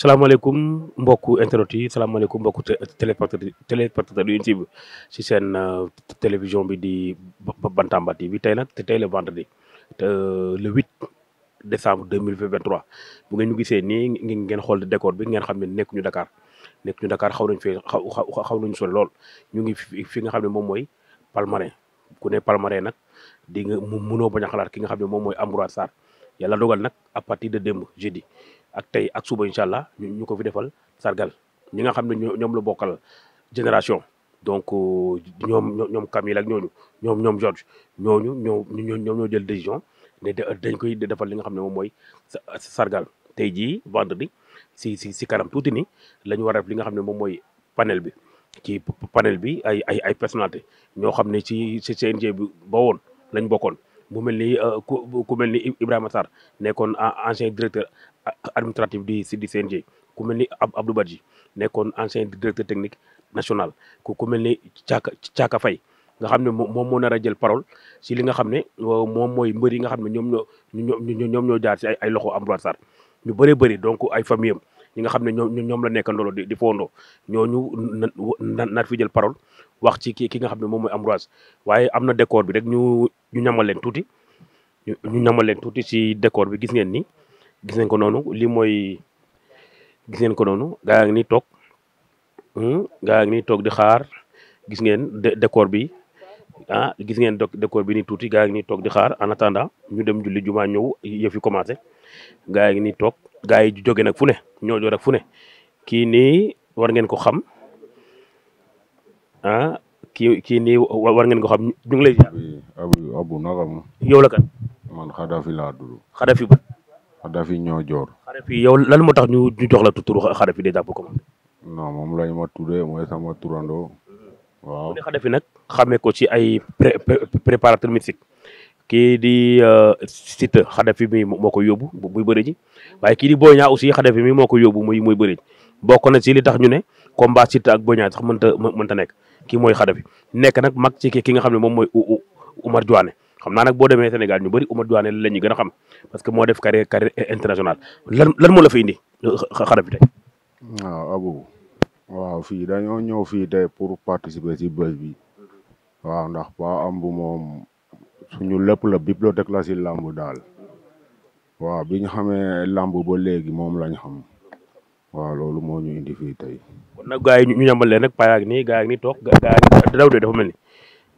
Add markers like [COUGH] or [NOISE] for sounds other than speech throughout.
salaamaaleykum mbokku internet yi salaamaaleykum mbokku téléspectateur yu ñu ci seen euh, télévision bi di Bantamba TV bi tey nag te tey le vendredi euh, le 8 décembre 2023 bu ngeen ñu gisee nii ngeen xool décor bi ngeen xam ne nekkuñu Dakar nekkuñu Dakar xaw nañu fee xaw xaw nañu sori lool ñu ngi fi nga xam ne moom mooy Palmarin ku ne Palmarin nag di nga mu munoo bañ a xalaat ki nga xam ne moom mooy Ambroise Sarr yàlla dogal nag à partir de démb jeudi. ak tey ak suba incha allah ñu ko fi defal sargal ñi nga xam ne ñoom la bokkal génération donc euh, ñoom ñoom Camille ak ñooñu ñoom ñoom George ñooñu ñoo ñoom ñoo jël décision ne dañ koy defal li nga xam ne moom mooy sargal tey jii vendredi si si si kanam tuuti ni la ñu war a def li nga xam ne moom mooy panel bi ci panel bi ay ay ay personnalité ñoo xam ne ci ci CNG bi ba woon lañ bokkoon mu mel ni euh, ku mel ni Ibrahima Sarr nekkoon ancien directeur administrative di si di CNG ku mel ni Abdou Badji nekkoon ancien directeur technique national ku ku mel ni Thiaka Thiaka Faye nga xam ne moom moo nar a jël parole si li nga xam ne moom mooy mbër yi nga xam ne ñoom ñoo ñoom ñoo jaar si ay ay loxo Ambroise Sarr ñu bëree bëri donc ay famille ñi nga xam ne ñoom ñoom la nekkandoo di di foondoo ñooñu na nar fi jël parole wax ci ki ki nga xam ne moom mooy Ambroise waaye am na décor bi rek ñu ñu ñamal leen tuuti ñu ñamal leen tuuti si décor bi gis ngeen ni. gis nañ ko noonu lii mooy gis ngeen ko noonu gaa ni nii toog hmm, gaa ngi toog di xaar gis ngeen décor bi ah gis ngeen décor bi nii tuuti gaa ngi nii toog di xaar en ñu dem julli jumaa ñëw yëf commencé gaa ngi nii toog gaa yi jóge nag fu ne ñoo joor ak fu ne kii nii war ngeen ko xam ah kii kii nii war ngeen ko xam ñu ngi lay. abu abu naka yow la ba. Xadafi ñoo joor. Xadafi yow lan moo tax ñu ñu jox la turu Xadafi déjà pour commencer. non moom lañ ma tuddee mooy sama turandoo. Mm-hmm. waaw bu dee Xadafi nag xamee ko ci ay pré préparateur mystique kii di euh, Siteu Xadafi mi moo ko yóbbu muy bëri ji waaye kii di Boy Niang aussi Xadafi mi moo ko yóbbu muy muy bëri ji na ci li tax ñu ne combat Siteu ak Boy Niang sax mënta mënta nekk kii mooy Xadafi nekk nag mag ci ki nga xam ne moom mooy Oumar Diouane. xam naa boo demee Sénégal ñu bari Oumar Diané la ñu gën a xam parce que moo def carrière carrière internationale lan lan moo la fa indi xarab bi tey. Ah, waaw Abou fii dañoo ñëw fii tey pour participer si bés waaw ndax Pa Ambu moom suñu lépp la bibliothèque la ci làmb daal waaw bi ñu xamee làmb ba léegi moom lañ xam. waaw loolu moo ñu indi fii tey. kon ñu ñu leen rek paa nii gars ngi toog gars yaa mel ni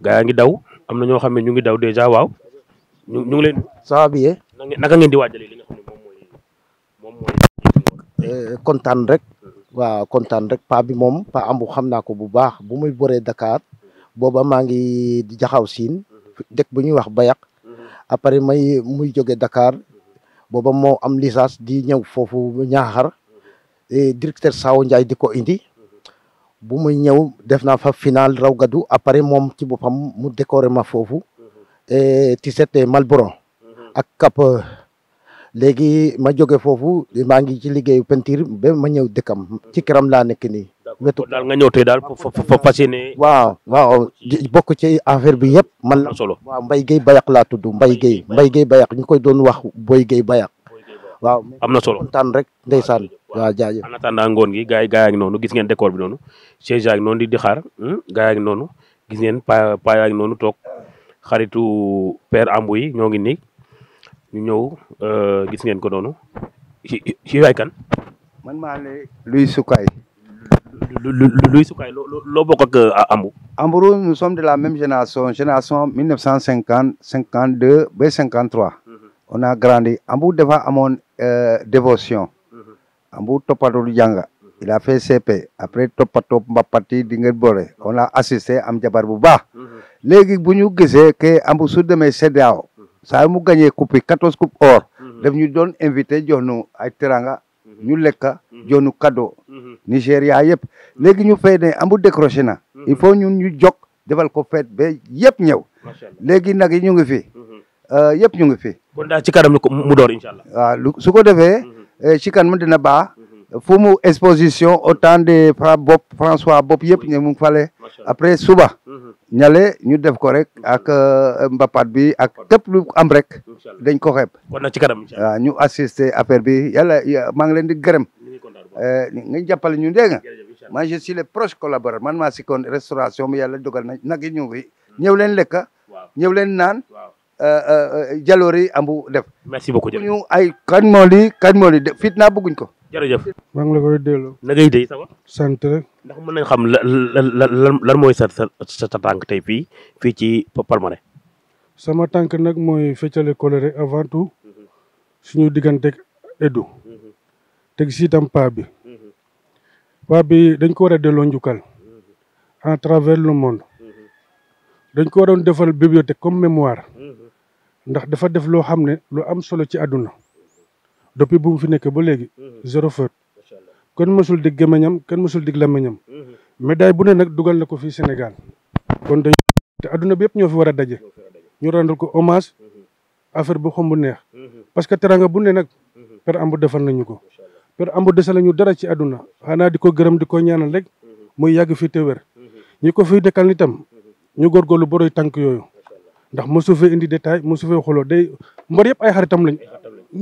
gars yaa daw am na ñoo xam ne ñu ngi daw dèjà waaw ñu ñu ngi leen. ça va bien. naka ngeen di waajalee li nga xam ne moom mooy eh, kontaan rek. waaw kontaan rek pa bi moom pa ambu xam naa ko bu baax bu muy boree Dakar booba maa ngi di jaxaw siin dëkk bu ñuy wax Bayak après may muy jóge Dakar booba moo am licence di ñëw foofu Niakhar eh, directeur Sao Ndiaye di ko indi. bu muy ñëw def naa fa final raw gadu après moom ci boppam mu décoré ma foofu t-shirt mm-hmm. Malboro mm-hmm. ak cap léegi ma jóge foofu maa ngi ci liggéeyu peinture ba ma ñëw dëkkam ci këram laa nekk nii. wetu daal nga ñëw tey daal fa fas yéene waaw waaw bokk ci affaire bi yëpp man la solo waaw Mbaye Bayak laa tudd Mbaye Gueye Mbaye Gueye Bayak ñu koy doon wax Boy Gueye Bayak waaw am na solo kontaan rek ndeysaan waaw jaajëf ngoon gi gars yi gars yaa ngi noonu gis ngeen décor bi noonu siège ngi noonu di di xaar hmm? gars ngi noonu gis ngeen pa pa yaa ngi noonu toog xaritu père ambu yi ñoo ngi nii ñu ñëw euh, gis ngeen ko noonu ci waay kan man maa la luy sukaay luy sukaay loo bokk ak euh, ambu amburu nous sommes de la même génération génération mille neuf cent cinquante cinquante deux ba cinquante trois on a grandi Ambu dafa amoon eh, dévotion mm-hmm. Ambu toppatoo du jàng mm-hmm. il a fait après toppatoo mbappati di ngeen boole mm-hmm. on a am jabar bu baax léegi bu ñu gisee que Ambu su demee CEDEAO saa mu gañee coupe yi quatorze coupe or daf ñu doon invité jox nu ay teranga ñu lekka jox nu cadeau Nigéria yëpp léegi ñu fay ne Ambu décroché na il faut ñun ñu jog defal ko fête ba yëpp ñëw léegi nag yi ñu ngi fi. Euh, yëpp ñu ngi fi. kon daal ci kanam lu ko mu door incha allah. waaw lu su ko defee. Mhm. Euh, ci kanam dina baax. Mhm. fu mu exposition au temps de Fra Bopp François Bopp yëpp ñu mu fale après suba. Mhm. ñale ñu def ko rek ak euh, mbapat bi ak képp lu am rek dañ ko xeeb. ci kanam incha allah waaw ñu assister affaire bi yàlla maa ngi leen di gërëm. nga jàppale ñu dégg nga. man je suis le proche collaborateur man maa si kon restauration bi yàlla dogal na nag yi ñu ngi ñëw leen lekk. ñëw leen naan. Euh, euh, euh, jaloore yi ambu def. merci beaucoup jërëjëf ay kan moo lii kan moo lii fitna bëgguñ ko. jërëjëf. maa ngi la koy delloo. na ngay dey ça sant ndax mën nañ xam lan lan mooy sa sa sa tànk tey fii fii ci Palmarin. sama tànk nag mooy feccale coloré avant tout suñu diggante Edu. teg si itam paa bi. paa bi dañ ko war a delloo njukal en travers le monde. dañ ko waroon defal bibliothèque comme mémoire. ndax dafa def loo xam ne lu am solo ci àdduna depuis bu fi nekk ba léegi mhm. zéro faute kenn mësul dig gémmiñam kenn mësul dig làmmiñam mhm. médaille bu ne nag dugal na ko fii Sénégal kon dañ te àdduna bi yëpp ñoo fi war a daje ñu rendal ko hommage mhm. affaire bu xom bu neex parce que teranga bu ne nag Père Ambou defal ñu ko Père ambu dese la ñu dara ci àdduna xanaa di ko gërëm di ko ñaanal rek muy yàgg fii te wér ñi ko fiy nekkal nitam ñu góorgóorlu boroy tànk yooyu ndax mosu fee indi détail mosu fee xoloo day mbër yëpp ay xaritam lañ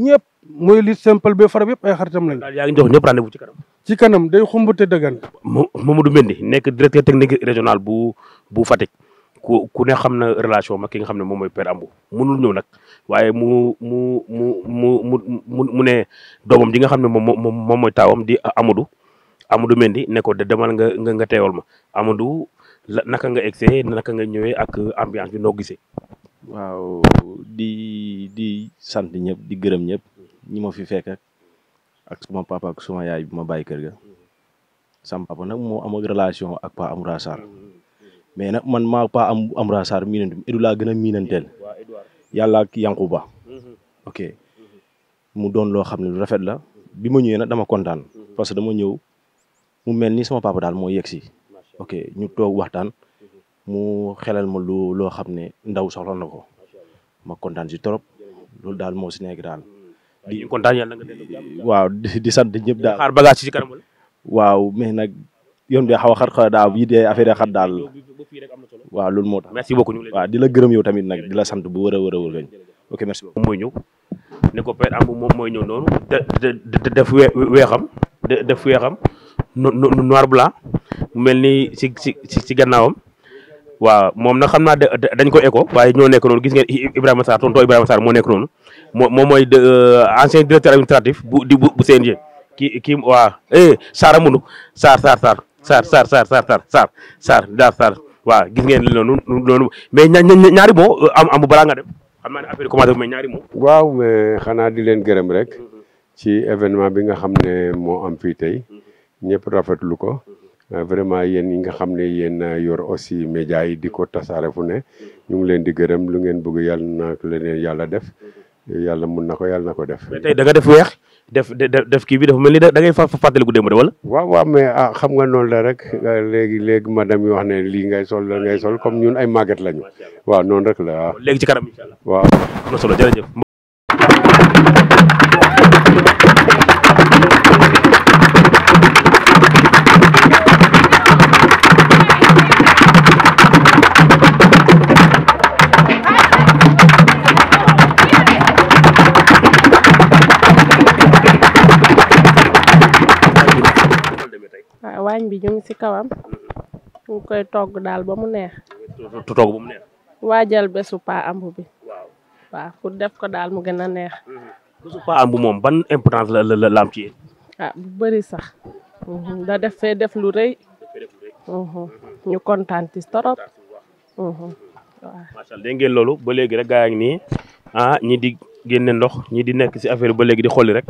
ñëpp mooy li simple ba fara yëpp ay xaritam lañ yaa ngi jox ñëpp rendez-vous ci kanam ci kanam day xumbate dëggan Mamadou Mendy nekk directeur technique régional bu bu Fatick ku ku ne xam na relation ma ki nga xam ne moom mooy Père Ambou mënul ñëw nag waaye mu mu mu mu mu ne doomam ji nga xam ne moom moom moom mooy taawam di Amadou Amadou Mendy ne ko de demal nga nga teewal ma Amadou naka nga egsee naka nga ñëwee ak ambiance bi noo gisee. waaw di sant ñëpp di gërëm ñëpp ñi ma fi fekk ak suma papa ak suma yaay bi ma bàyyi kër ga. sama nag moo am relation ak Pa Amoura Sarr mais nag man maa Pa am Amoura Sarr miinantum Edu laa gën a miinanteel yàlla ak Yankuba mm-hmm. ok mm-hmm. mu doon loo xam ne lu rafet la bi ma ñëwee nag dama kontaan mm-hmm. parce que dama ñëw mu mel ni sama papa daal mooy yegg si. ok ñu toog waxtaan mu xelal ma lu loo xam ne ndaw soxla na ko ma kontaan si trop loolu daal moo si nekk daal. di kontaan yàlla nga waaw di sant ñëpp daal xaar bagage ci kanam waaw mais nag yoon bi xaw a xar xar daaw yi dee affaire xat daal waaw loolu moo tax. merci beaucoup ñu waaw yow tamit nag di la sant bu wër a wër a wër ok merci beaucoup. moom mooy ñëw ne ko père Ambou moom mooy ñëw noonu. de de def weexam. de def weexam. noir blanc mu mel ni si si si gannaawam waaw moom nag xam naa dañ ko écho waaye ñoo nekk noonu gis ngeen Ibrahima Sarr tonton Ibrahima Sarr moo nekk noonu moo moom mooy ancien directeur administratif bu di bu CNG kii kii waaw Sarr amundu Sarr Sarr Sarr Sarr Sarr Sarr Sarr Sarr Sarr Sarr Sarr Sarr waaw gis ngeen loolu loolu mais ñaari moo am amu balaa nga dem xam na ne affaire commencé mais ñaari moo waaw mais xanaa di leen gërëm rek ci événement bi nga xam ne moo am fii tey ñëpp lu ko euh, vraiment yéen yi nga xam ne yéen yor aussi média yi di ko tasaare fu ne ñu ngi leen di gërëm lu ngeen bëgg yàlla na leen yàlla def yàlla mun na ko yàlla na ko def. mais tey da nga def weex def def kii bi def mel ni da ngay fàttaliku démb de wala. waaw waaw mais ah xam nga noonu la rek euh, léegi léegi madame yi wax ne lii ngay sol ngay sol comme ñun ay màgget lañu. waaw noonu rek la waaw. Ah. léegi ci kanam incha allah waaw. am waañ bi ñu ngi ci kawam fu ngi koy togg daal ba mu neex. togg ba mu neex. waajal bésu Pa Ambu bi. pour def ko daal mu gën a neex. Mhm. bésu Pa Ambu moom ban importance la la la am ci ah bu bëri sax. Mhm, da def fee deflu lu rëy. Mhm. ñu kontaan ci torop. waaw macha allah loolu ba léegi rek gaa ngi ah, ñi di génne ndox ñi di nekk ci affaire ba léegi di xolli rek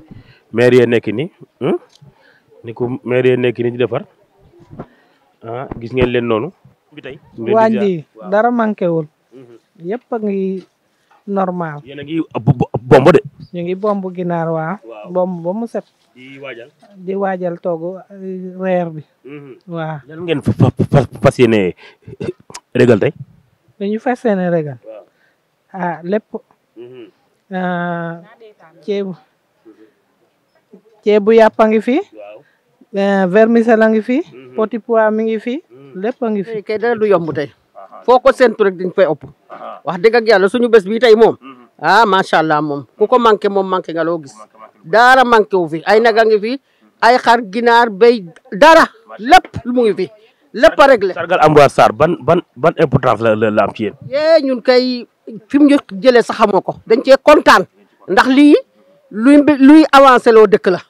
maire yee nekk nii. Hmm? ni ku maire yi nekk ni defar ah, gis ngeen leen noonu. bi waañ bi dara manqué wul. Mhm. yëpp a ngi normal. bomb de. ñu ngi bomb ginaar waaw. bomb ba mu set. di waajal togg eh, reer bi. Mhm. waaw lan ngeen fa fas yéene eh, régal tey. dañu fas yéene régal. ah lépp. Mhm. Ah, ceebu ceebu yàpp ngi fi. Eh, vermicelle a ngi fi. Mhm. petit pois mi ngi fi. Mhm. lépp a ngi fi eh, kay dara du yomb tey. foo ko séntu rek dañ fay ëpp. wax dëgg ak yàlla suñu bés bii tey moom. Mhm. ah macha allah moom ku ko manqué moom manqué nga gis. daara manqué wu fi ay naga ngi fi ay xar ginaar béy dara lépp lu mu ngi fi lépp a réglé. sargal Ambroise Sarr ban ban ban importance la la am ci yéen. yee ñun kay fi mu ñu jëlee sax xamoo ko dañ cee kontaan ndax lii luy luy avancé loo dëkk la.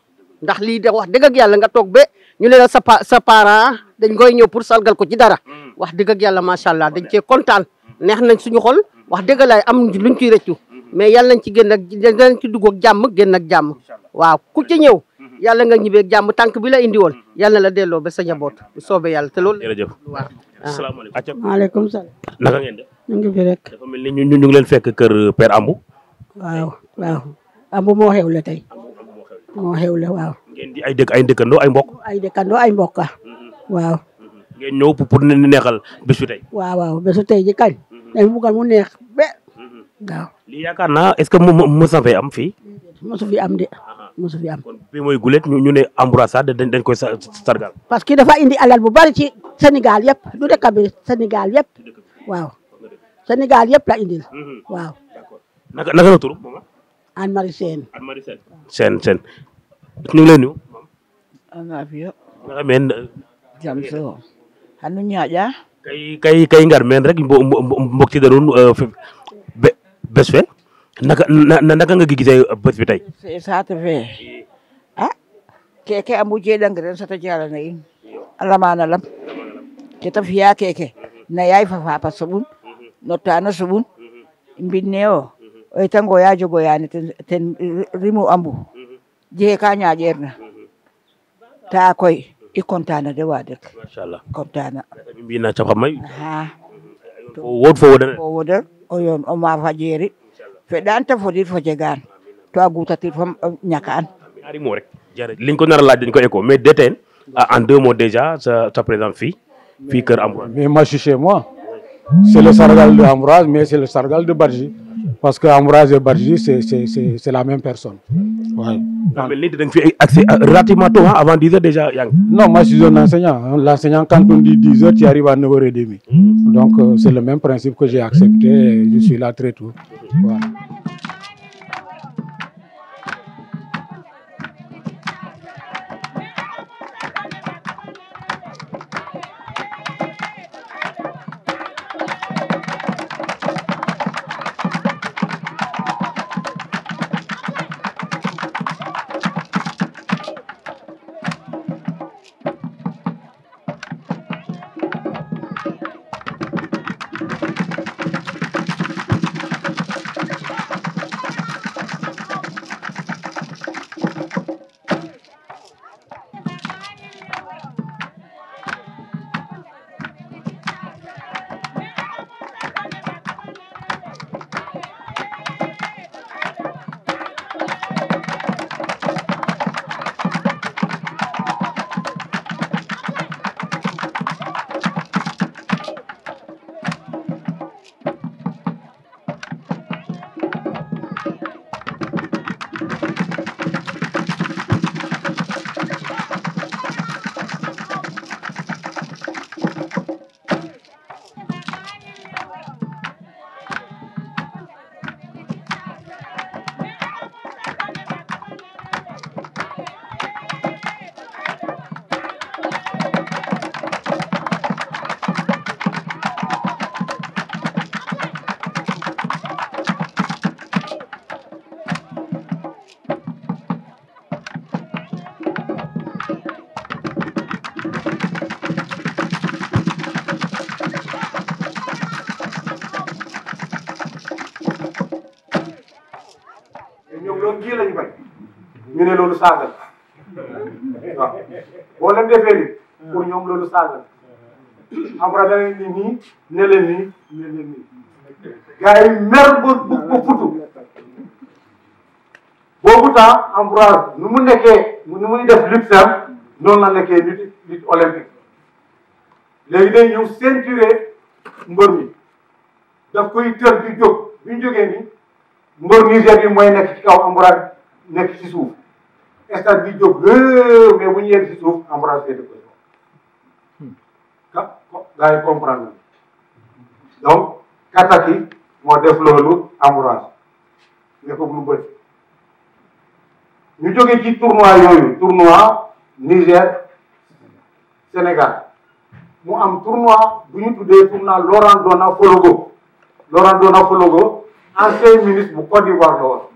ndax lii de wax dëgg ak yàlla nga toog ba ñu ne la sa sa parent dañ koy ñëw pour salgal ko ci dara mm. wax dëgg ak yàlla macha allah dañ cee kontaan mm. neex nañ suñu xol mm. wax dëgg laay am luñ ciy rëccu mm-hmm. mais yàlla nañ ci génn ak yàlla nañ ci dugg ak jàmm génn ak jàmm waaw ku ci ñëw mm-hmm. yàlla nga ñibbee ak jàmm tànk bi la indi woon mm-hmm. yàlla la delloo ba sa njaboot bu yàlla te loolu. jërëjëf waaw asalaamaaleykum. maaleykum salaam. naka ngeen def. ñu ngi fi rek. ñu ñu ngi fekk kër Père Ambou. waaw waaw Ambou moo xewle tey. moo xewle waaw. ay dëkk ay dëkkandoo ay mbokk. ay dëkkandoo ay mbokk mm-hmm. waaw. Mm-hmm. ngeen ñëw pour neexal bésu tey. waaw waaw bésu tey ji kañ. dañu mm-hmm. buggal mu neex be waaw. lii yaakaar naa est ce que mos a fee am fii. mosu fi am de mu fi am. kon bii mooy gulet ñu ne embrassade dañ dañ koy sargal. parce que dafa indi alal bu bari ci Sénégal yëpp du dëkk bi Sénégal yëpp waaw Sénégal yëpp la indil waaw. naka naka la tur. Anne Marie Sène. Anne ñu ngi lay nuyu. anafio. nga men. jam so. hanu ñaaƴa. kay kay ngar men rek mboktidanun bés fe naka naka nga gisee bés bi tey. saate fe ah keke a mujjee dang sata jalana in a lamana lam keta fiya keke na yaay fa fapa soɓun no tana soɓun o o yitangoya jogoyani ten rimu ambu jee ka ñaajeer na mhm. ta koy i kontaana de waa dëkk machallah mbina capa mayu haa wod fo fo wodan o yoon o maafa jeeri feɗaan ta fodit fo jegaan to a guutatit fo ñakaan ñaari moo rek laaj dañ ko écho mais déteen en deux mots déjà sa sa présence fii Kër Ambroise mais moi je c'est le sargal de Ambroise, mais c'est le sargal de Barji. parce que Ambroise et c'est la même personne relativement tôt avant 10 heures déjà non moi je suis un l'enseignant quand on heures tu à 9 heures mm. donc euh, c'est le même principe que j'ai accepté je suis là très tôt loolu saagal waaw boo ñoom loolu saagal après da ngay nii ne leen nii ne leen mer ba ba futu boobu temps Ambroise nu mu nekkee nu muy def lutte simple na la nekkee lutte lutte olympique léegi ñëw ceinturé mbër mi daf koy tër di jóg bi ñu jógee mbër mi bi mooy nekk ci kaw Ambroise nekk ci suuf stade bi jóg mais bu ñu si suuf embrasé de hmm. ko ah gaa yi comprendre donc moo def loolu embrasé ne ko lu bëri. ñu jóge ci tournoi yooyu tournoi Sénégal mu am tournoi bu ñu tuddee tournoi Laurent Dona Fologo Laurent Dona Fologo ancien ministre bu Côte d'Ivoire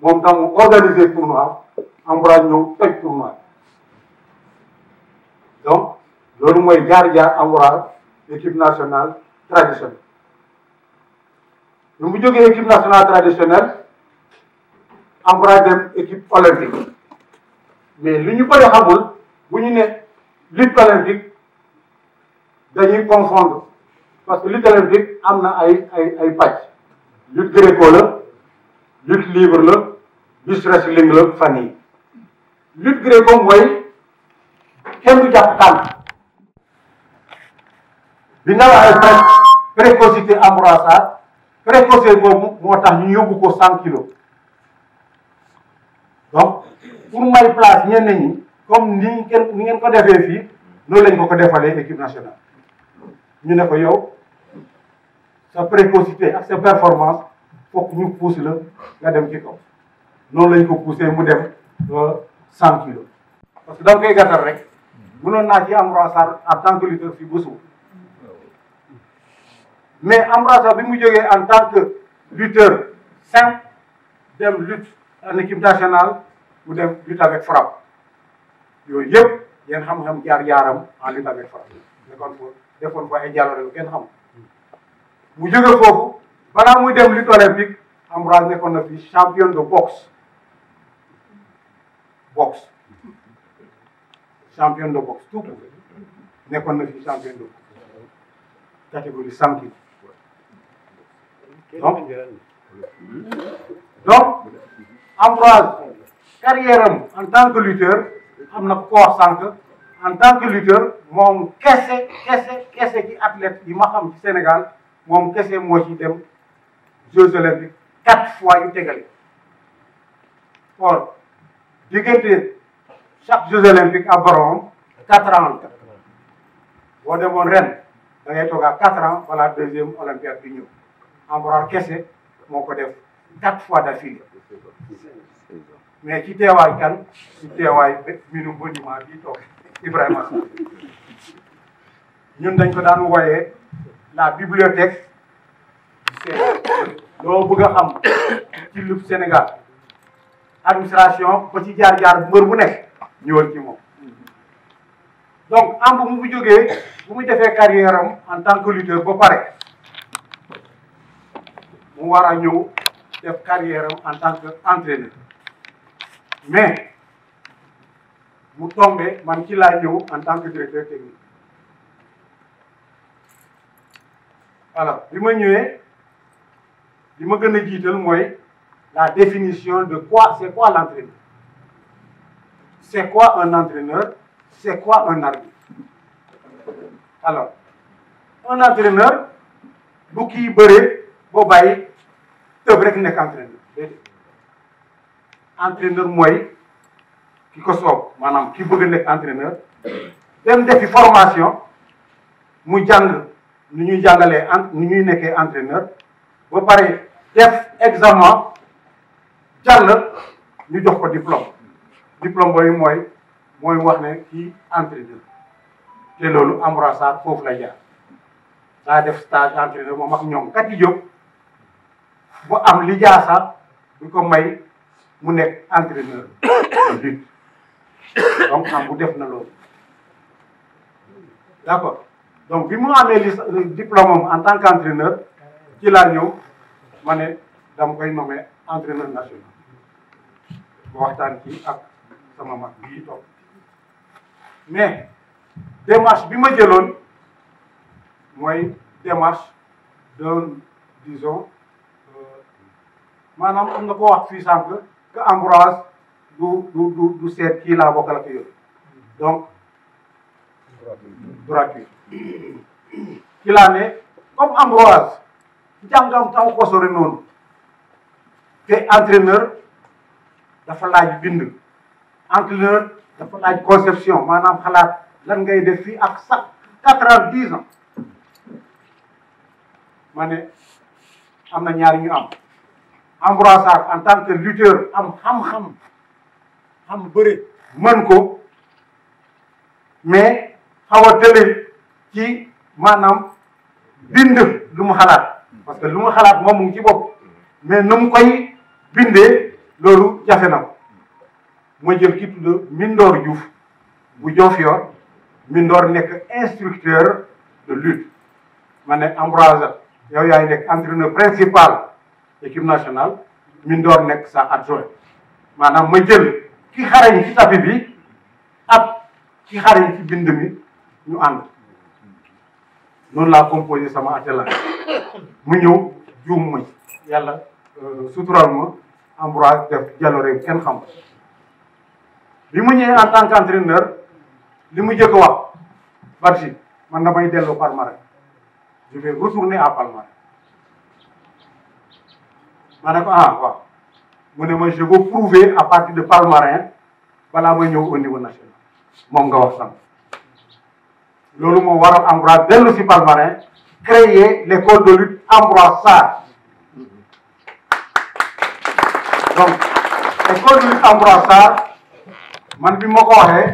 moom tam mu organisé tournoi. Ambroise ñëw toj tournoi donc loolu mooy jaar-jaar Ambroise équipe nationale traditionnelle lu mu jógee équipe nationale traditionnelle Ambroise dem équipe olympique mais li ñu bëri xamul bu ñu ne lutte olympique dañuy confondre parce que lutte olympique am na ay ay ay pàcc lutte gréco la lutte libre la bus wrestling la fan yi lutte gréco mooy kenn du jàpp tànk bi nga waxee pré précocité amorasa précocité boobu moo tax ñu yóbbu ko cent kilos donc pour may place ñenn ñi comme ni kenn ni ngeen ko defee fii noonu lañ ko ko defalee équipe nationale ñu ne ko yow sa précocité ak sa performance fokk ñu pousse la nga dem ci kaw noonu lañ ko poussé mu dem cent kilos parce que da nga koy gàttal rek mënoon naa ci Ambroise Sarr en tant que lutteur fii Bousso mais Ambroise bi mu jógee en tant que lutteur simple dem lutte en équipe nationale mu dem lutte avec frappe yooyu yëpp yéen xam-xam jaar-jaaram en lutte avec frappe nekkoon fo defoon fa ay jàllale kenn xam mu jóge foofu balaa muy dem lutte olympique Ambroise nekkoon na fi champion de boxe boxe champion de boxe tout court na fi champion de boxe catégorie cent kilos donc hmm? donc Ambroise carrière am en tant que lutteur am na ko wax en tant que lutteur moom kese kese kese ci athlète yi ma xam Sénégal moom kese moo ci dem Jeux olympiques quatre fois yu tegale or diggante chaque jour olympiques à Borom quatre ans la boo demoon ren da toog à quatre ans wala deuxième olympiade bi ñëw Empereur kese moo ko def quatre fois d'affilée mais ci teewaay kan ci teewaay minu monument bi toog Ibrahima ñun dañ ko daan wooyee la bibliothèque loo bëgg a xam ci lu Sénégal administration ba ci jaar-jaar mbër bu nekk ñëwal ci moom. donc am bu mu bu jógee bu muy defee carrière en tant que lutteur ba pare mu war a ñëw def carrière en tant que entraîneur mais mu tombé man ci laa ñëw en tant que directeur technique alors bi ma ñëwee li ma gën a jiital mooy la définition de quoi, c'est quoi l'entraîneur C'est quoi un entraîneur C'est quoi un arbitre Alors, un entraîneur, bu kii bëree boo bàyyi tëb rek nekk entraîneur déedéet entraîneur mooy ki ko soob maanaam ki bëgg a nekk entraîneur dem defi formation mu jàng nu ñuy jàngalee nu ñuy nekkee entraîneur ba pare def examen jàll ñu jox ko diplôme diplôme boobu mooy mooy wax ne kii entraîneur te loolu Ambroise Sarr foofu la jaar daa def stage entraîneur moom ak ñoom kat yi jóg bu am li jaasa bu ko may mu nekk entraîneur lutte donc am bu def na loolu d'accord donc bi mu amee li diplôme am en tant qu'entraîneur ci laa ñëw ma ne dama koy nommé entraîneur national ba waxtaan ci ak sama mag bii toog mais bi ma jëloon mooy démarche d'un disons euh, maanaam am na ko wax fii sànq que Ambroise du du du seet kii laa bokkal ak yooyu donc gratuit ci laa comme Ambroise jàngam taw ko sori noonu te entraîneur dafa laaj bind entraîneur dafa laaj conception maanaam xalaat lan ngay def fii ak sax quatre ans dix ans ma am na ñaari ñu am Ambroise Sarr en tant que lutteur am xam-xam xam bari mën ko mais xaw a tële ci maanaam bind lu mu xalaat parce que lu mu xalaat moom mu ci bopp mais nu mu koy bindee loolu jafe na ko ma jël ki tudd Mindor Diouf bu Diofior Mindor nekk instructeur de lutte ma ne Ambroise yow yaay nekk entraîneur principal équipe nationale Mindor nekk sa adjoint maanaam ma jël ki xarañ ci tapis bi ak ki xarañ ci bind ñu ànd noonu laa composé sama attelage mu ñëw juum ma yàlla euh, suturaal Ambroise def jaloore kenn xam bi mu ñëwee en tant qu'entraîneur li mu jëkk wax Badji na damay dellu Palmarin je vais retourner à Palmarin ma ne ko ah mu ne ma je veux prouver à partir de Palmarin balaa ma ñëw au niveau national moom nga wax sànq loolu moo waral Ambroise dellu si Palmarin créer l'école de lutte Ambroise Sarr donc école bi encourage ça man bi ma ko waxee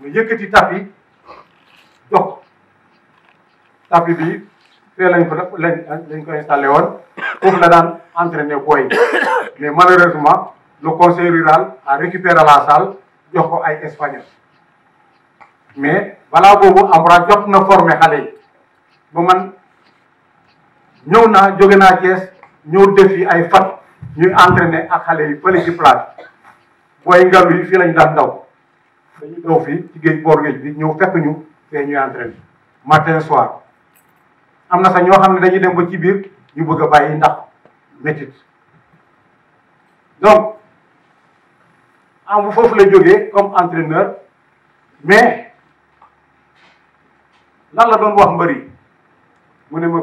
mu yëkkati bi fee lañ ko lañ ko installé woon foofu la daan entraîné booy mais malheureusement le conseil rural a récupéré la salle jox ko ay espagnol mais balaa boobu Ambra jot na formé xale yi ba man ñëw naa jóge naa Thiès ñëw def ay fat ñu entraîné ak xale yi fële ci plage booy ngalu yi fii lañ daan daw dañu daw fii ci géej boor géej bi ñëw fekk ñu fee ñuy entraîné matin soir am na sax ñoo xam ne dañuy dem ba ci biir ñu bëgg a bàyyi ndax métit donc am bu foofu la jógee comme entraîneur mais lan la doon wax mbëri mu ne ma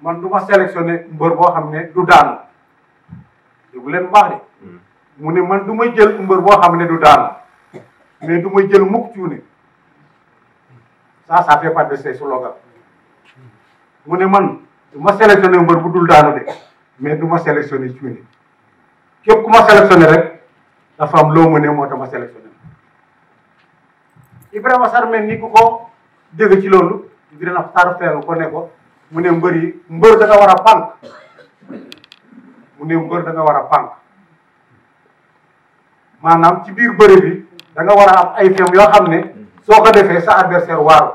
man du ma sélectionné mbër boo xam ne du daanu déglu leen hmm. ne man du ma jël mbër boo xam ne du daanu mais du ma jël mukk cuune saa ça fait pas de ses slogans ne man du ma sélectionné mbër bu dul daanu de mais du ma sélectionné cuune képp ku ma sélectionné rek dafa am loo mu ne moo tax ma sélectionné Ibrahima Sarr mel ni ku ko dégg ci loolu dina na Sarr feeru ko ne ko mu ne mbër yi mbër da nga war a pànk mu ne mbër da nga war a pànk maanaam ci biir bëri bi da war a am ay fem yoo xam ne soo ko defee sa adversaire waaru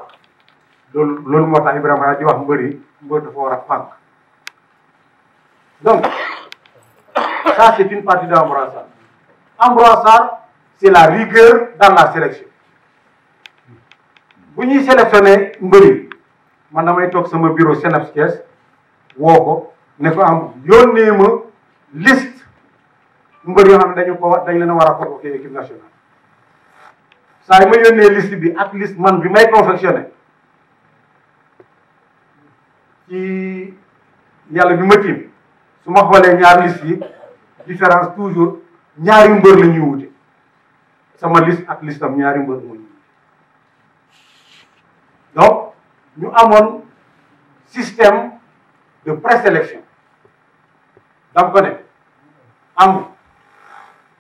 loolu loolu moo tax Ibrahima di wax mbër yi mbër dafa war a pànk donc ça c'est une partie d'Ambroise Sarr Ambroise Sarr c'est la rigueur dans la sélection bu ñuy sélectionné mbër yi man damay toog sama bureau Sénap Thiès woo ko ne ko am yónnee ma liste mbër yoo xam dañu ko dañ leen a war a convoquer équipe nationale saa yi ma yónnee liste bi at liste man bi may confectionné ci yàlla bi ma tiim su ma xoolee ñaar liste yi différence toujours ñaari mbër la ñuy wute sama liste ak liste am ñaari mbër moo ñuy donc ñu amoon système de présélection dama ko ne am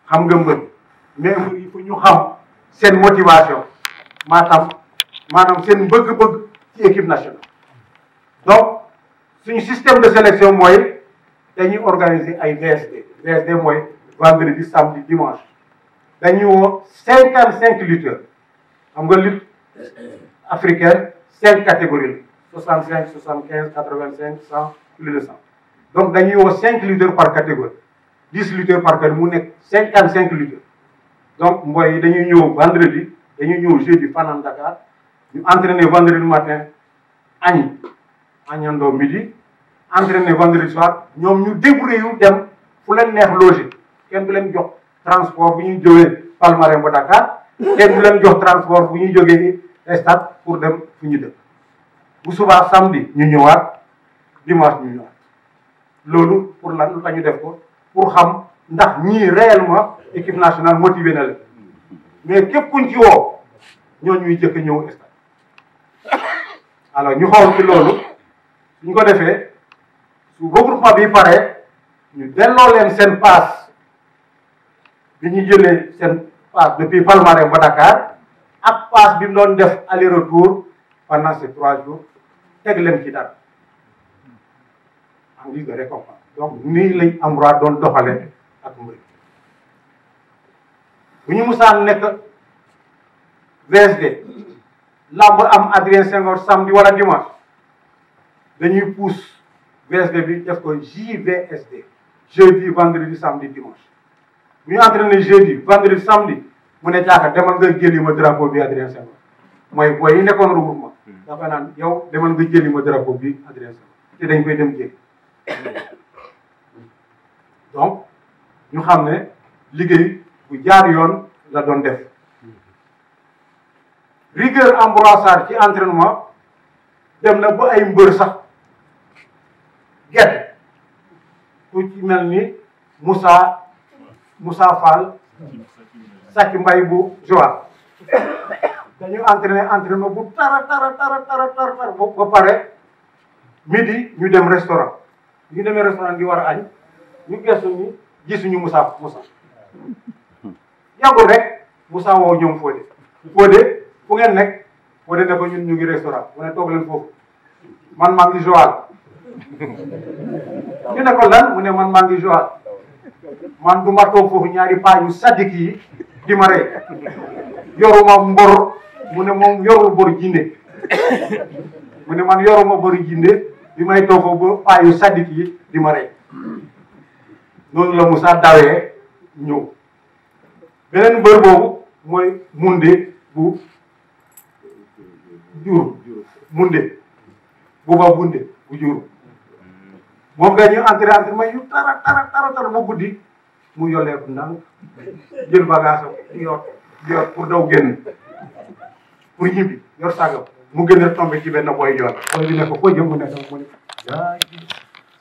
xam nga mbër mais il faut ñu xam seen motivation maanaam maanaam seen bëgg-bëgg ci équipe nationale donc suñu système de sélection mooy dañuy organiser ay VSD VSD mooy vendredi samedi dimanche dañuy woo cinquante cinq lutteurs xam nga lutte africaine cinq catégories la 65 75 85 100 plus de 100 donc dañuy woo cinq lutteurs par catégorie dix lutteurs par catégorie mu nekk cinquante cinq lutteurs donc mbooy yi dañuy ñëw vendredi dañuy ñëw jeudi fanaan Dakar ñu entraîner vendredi matin añ añandoo midi entraîner vendredi soir ñoom ñu débrouillé yu dem fu leen neex loger kenn du leen jox transport bu ñuy jógee Palmarin ba Dakar kenn du leen jox transport bu ñuy jógee stade pour dem fu ñu dëkk bu subaa samedi ñu ñëwaat dimanche ñu ñëwaat loolu pour lan la ñu def ko pour xam ndax ñii réellement équipe nationale motivé na la mais képp kuñ ci woo ñooñu ñuy jëkk ñëw stade alors ñu xool ci loolu suñ ko defee su regroupement bi paree ñu delloo leen seen passe bi ñu jëlee seen passe depuis Palmarin ba Dakar ak paas bi mu doon def aller retour pendant ces trois jours teg leen ci en guise de récompense donc nii lañ am droit doon doxale ak mbir bu ñu musaan nekk VSD lamb am Adrien Senghor samedi wala dimanche dañuy pousse VSD bi def ko JVSD jeudi vendredi samedi dimanche bu ñu entraîné jeudi vendredi samedi mu ne jaaka demal nga jëli ma drapeau bi Adrien Senghor mooy booy yi nekkoon regroupement hmm. dafa naan yow demal nga jëli ma drapeau bi Adrien Senghor te dañ koy dem jëli hmm. donc ñu xam ne liggéey bu jaar yoon la doon def rigueur Ambroise Sarr ci entraînement dem na ba ay mbër sax gerte ku ci mel ni Moussa Moussa Fall sàcc mbay bu joie dañu entraîné entraînement bu tara tara tara tara tara tara ba pare midi ñu dem restaurant ñu demee restaurant di war a añ ñu gesuñu gisuñu Moussa Moussa yàggul rek Moussa woow ñoom Fodé Fodé fu ngeen nekk Fodé ne ko ñu ñu ngi restaurant mu ne toog leen foofu man maa ngi Joal ñu ne ko lan mu ne man maa ngi Joal man du ma toog foofu ñaari paa yu sadik yi di ma rey yoruma mbor mu ne moom yorul bor jinde mu ne man yoruma bor jinde bi may toogoo ba paayu saddik yi di ma rey noonu la Moussa dawee ñëw beneen bër boobu mooy munde bu jur munde buba bunde bu jur moom nga ñu entraîné entraînement yu tara tara tara tara ba guddi mu yoleeku ndànk jël bagage am yor yor pour daw génn pour ñibbi yor sàggam mu gën a tombé ci benn booy joor booy bi ne ko foo jëm mu ne dama mu ne yaa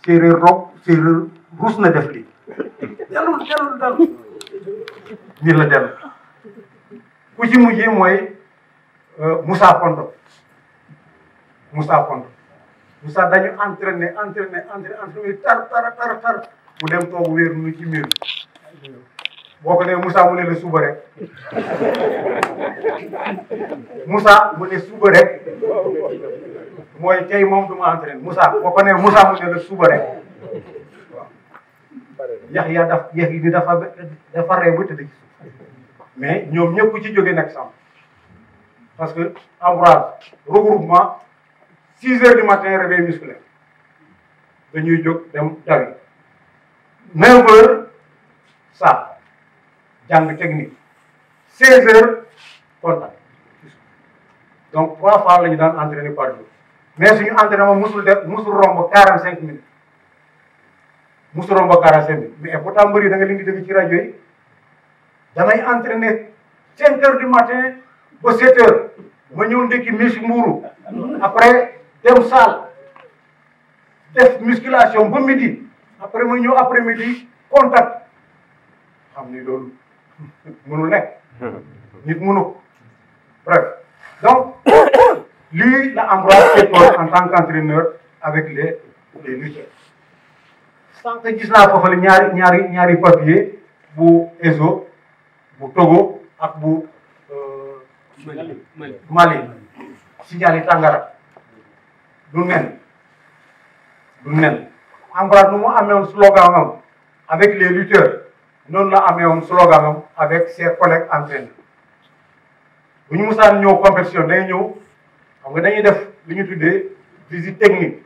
séeréer rob séeréer rus na def lii delul delul dal ñi la dem ku ci mujj mooy euh, Moussa Pondo Moussa Pondo Moussa dañu entraîné entraîné entraîné entraîné tar tar tar tar bu dem toog wéer nu ci miir boo ko nee Moussa mu ne la suba rek Moussa mu ne suba rek mooy tey moom du ma entraîné Moussa boo ko nee Moussa mu ne la suba rek waaw. yax ya yax yi dafa dafa ree ba tëdd ci suuf mais ñoom ñëpp ci jógee nag sàmm parce que Ambroise regroupement 6 heures du matin réveil musculaire dañuy jóg dem dawi. 9 heures salle jàng technique 16 heures donc trois fois la ñu daan entraîné par jour mais suñu entraînement musul def musul romb 45 minutes musul romb 45 minutes mais pourtant mbëri da nga leen di dégg ci rajo yi damay entraîné 5 heures du matin ba 7 heures ñëw ndekki mis mbuuru après dem salle def musculation ba midi. après ma ñëw après midi contact xam ni loolu [LAUGHS] mënul nekk [LAUGHS] nit mënu bref donc [COUGHS] lui la Ambroise Keppoé en tant qu'entraîneur avec les les lutteurs sànq gis naa foofale ñaari ñaari ñaari papier bu Ezo bu Togo ak bu euh, Mali signalé Tangara du nen Ambra nu mu amee woon avec les lutteurs noonu la amee woon slogan am avec ses collègues entraîneurs bu ñu musaan ñëw compétition day ñëw xam nga dañuy def li ñu tuddee visite technique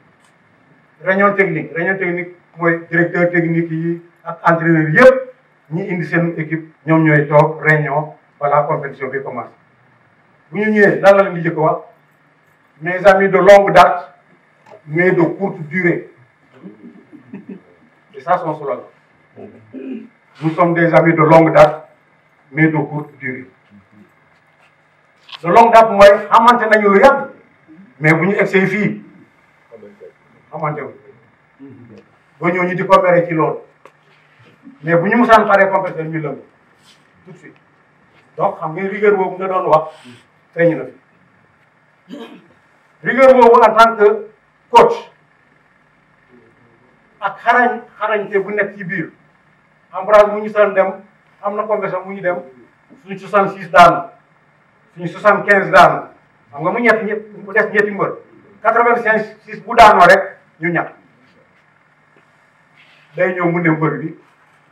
réunion technique réunion technique mooy directeur technique yi ak entraîneur yëpp ñi indi seen équipe ñoom ñooy toog réunion balaa compétition bi commencé bu ñu ñëwee lan la leen di jëkk wax mes longue date mais de courte durée Et ça, c'est un slogan. Nous sommes des amis de longue date, mais de courte durée. de longue date mooy xamante nañu lu yàgg mais bu ñu egsee fii xamante wu ba ñëw ñu di ko mere ci loolu mais bu ñu musaan paree compétence ñu lëngu tout de suite donc xam nga rigueur boobu nga doon wax feeñ na fi rigueur boobu en tant que coach ak xarañ xarañte bu nekk ci biir Ambroise mu ñu dem am na conversion mu ñu dem suñ 66 daanu suñ 75 daanu xam nga mu ñett ñëpp mu des ñetti mbër 85 6 bu daanoo rek ñu ñàkk day ñëw mu ne mbër bi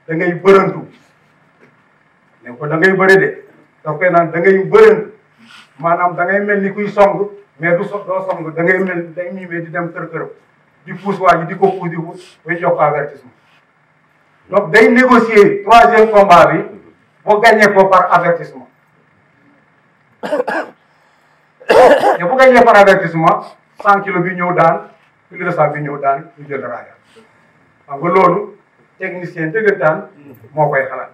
da ngay bërëntu ne ko da ngay bëre de daf koy naan da ngay bërëntu maanaam da ngay mel ni kuy song mais du so doo song da ngay mel day miimee di dem kër këram di puus waa ji di ko puus di puus bay jox avertissement donc day négocier troisième combat bi boo gagné par avertissement te bu par avertissement cent kilos bi ñëw daan plus de bi ñëw daan ñu jël raaya xam nga loolu technicien dëggantaan moo koy xalaat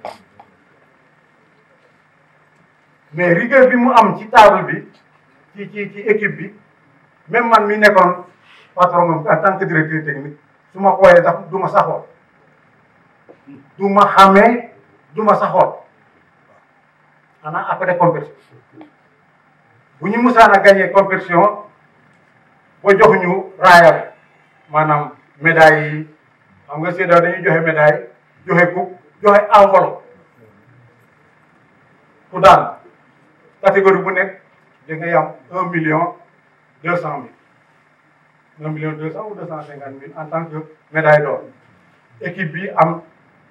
mais rigueur bi mu am ci table bi ci ci ci équipe bi même man mi nekkoon patron moom en tant que directeur technique su ma xoolee tax du ma saxoon du ma xamee du ma saxoon xanaa après compétition bu ñu musaan a gagné compétition ba jox ñu raayal maanaam médaille yi xam nga CEDEAO dañuy joxe médaille joxe coupe joxe enveloppe ku daan catégorie bu nekk da ngay am un million un million deux cent ou deux cent cinquante mille en tant que médaille d'or équipe bi am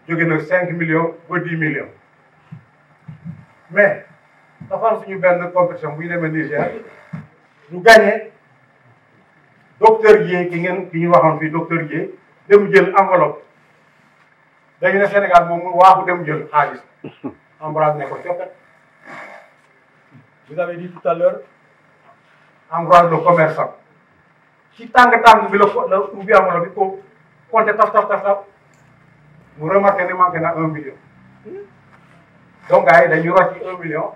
jóge na cinq millions ba dix millions mais dafa am suñu benn compétition buy demee Niger ñu gagné docteur Dieng ki ngeen ki ñu waxoon fii docteur Dieng dem jël enveloppe dañu ne Sénégal moom mu waaxu dem jël xaalis Ambroise ne ko coppat vous avez dit tout à l'heure Ambroise le commerçant ci tàng-tàng bi la fo la ubbi enveloppe bi ko compté taf taf taf taf mu remarqué ne manqué na un million donc gars yi dañuy rocci un million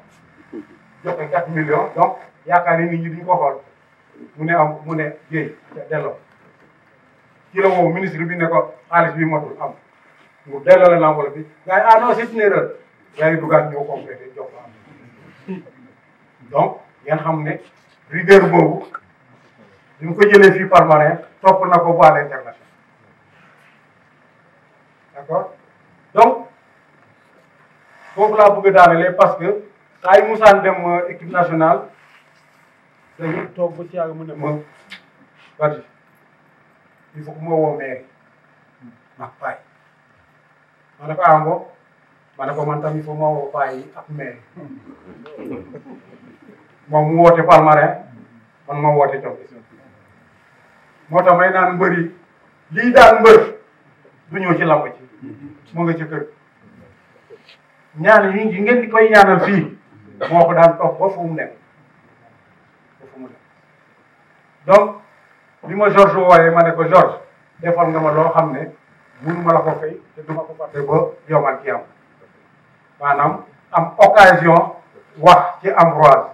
joxe quatre millions donc yaakaar ni nit ñi duñ ko xool mu ne am mu ne jéy delloo ci la woowu ministre bi ne ko xaalis bi motul am mu la enveloppe bi gars yi ah non c'est une erreur gars yi dugaat ñoo am donc ngeen xam ne rigueur boobu bi mu ko jëlee fii palmarin topp na ko bu à l'international d'accord donc foofu laa bëgg a daanelee parce que saa yu musaan dem euh, équipe nationale dañuy toog ba ci yàgg mu ne ma bari il faut que ma woo mairie ndax paay ma ko àngo ah, ma ne ko man tam il faut ma woo paay yi ak mairie [LAUGHS] moom mu woote palmarin man ma woote coom moo tax may naan mbër yi lii daan mbër du ñëw ci làmb ci mu nga ca kër ñaan yi ngi ngeen di koy ñaanal fii moo ko daan toog ba fu mu nekk bi ma Georges wooyee ma ne ko Georges defal nga ma loo xam ne mënu ma la ko fay te duma ko fàtte ba yomal ki am maanaam am occasion wax ci Ambroise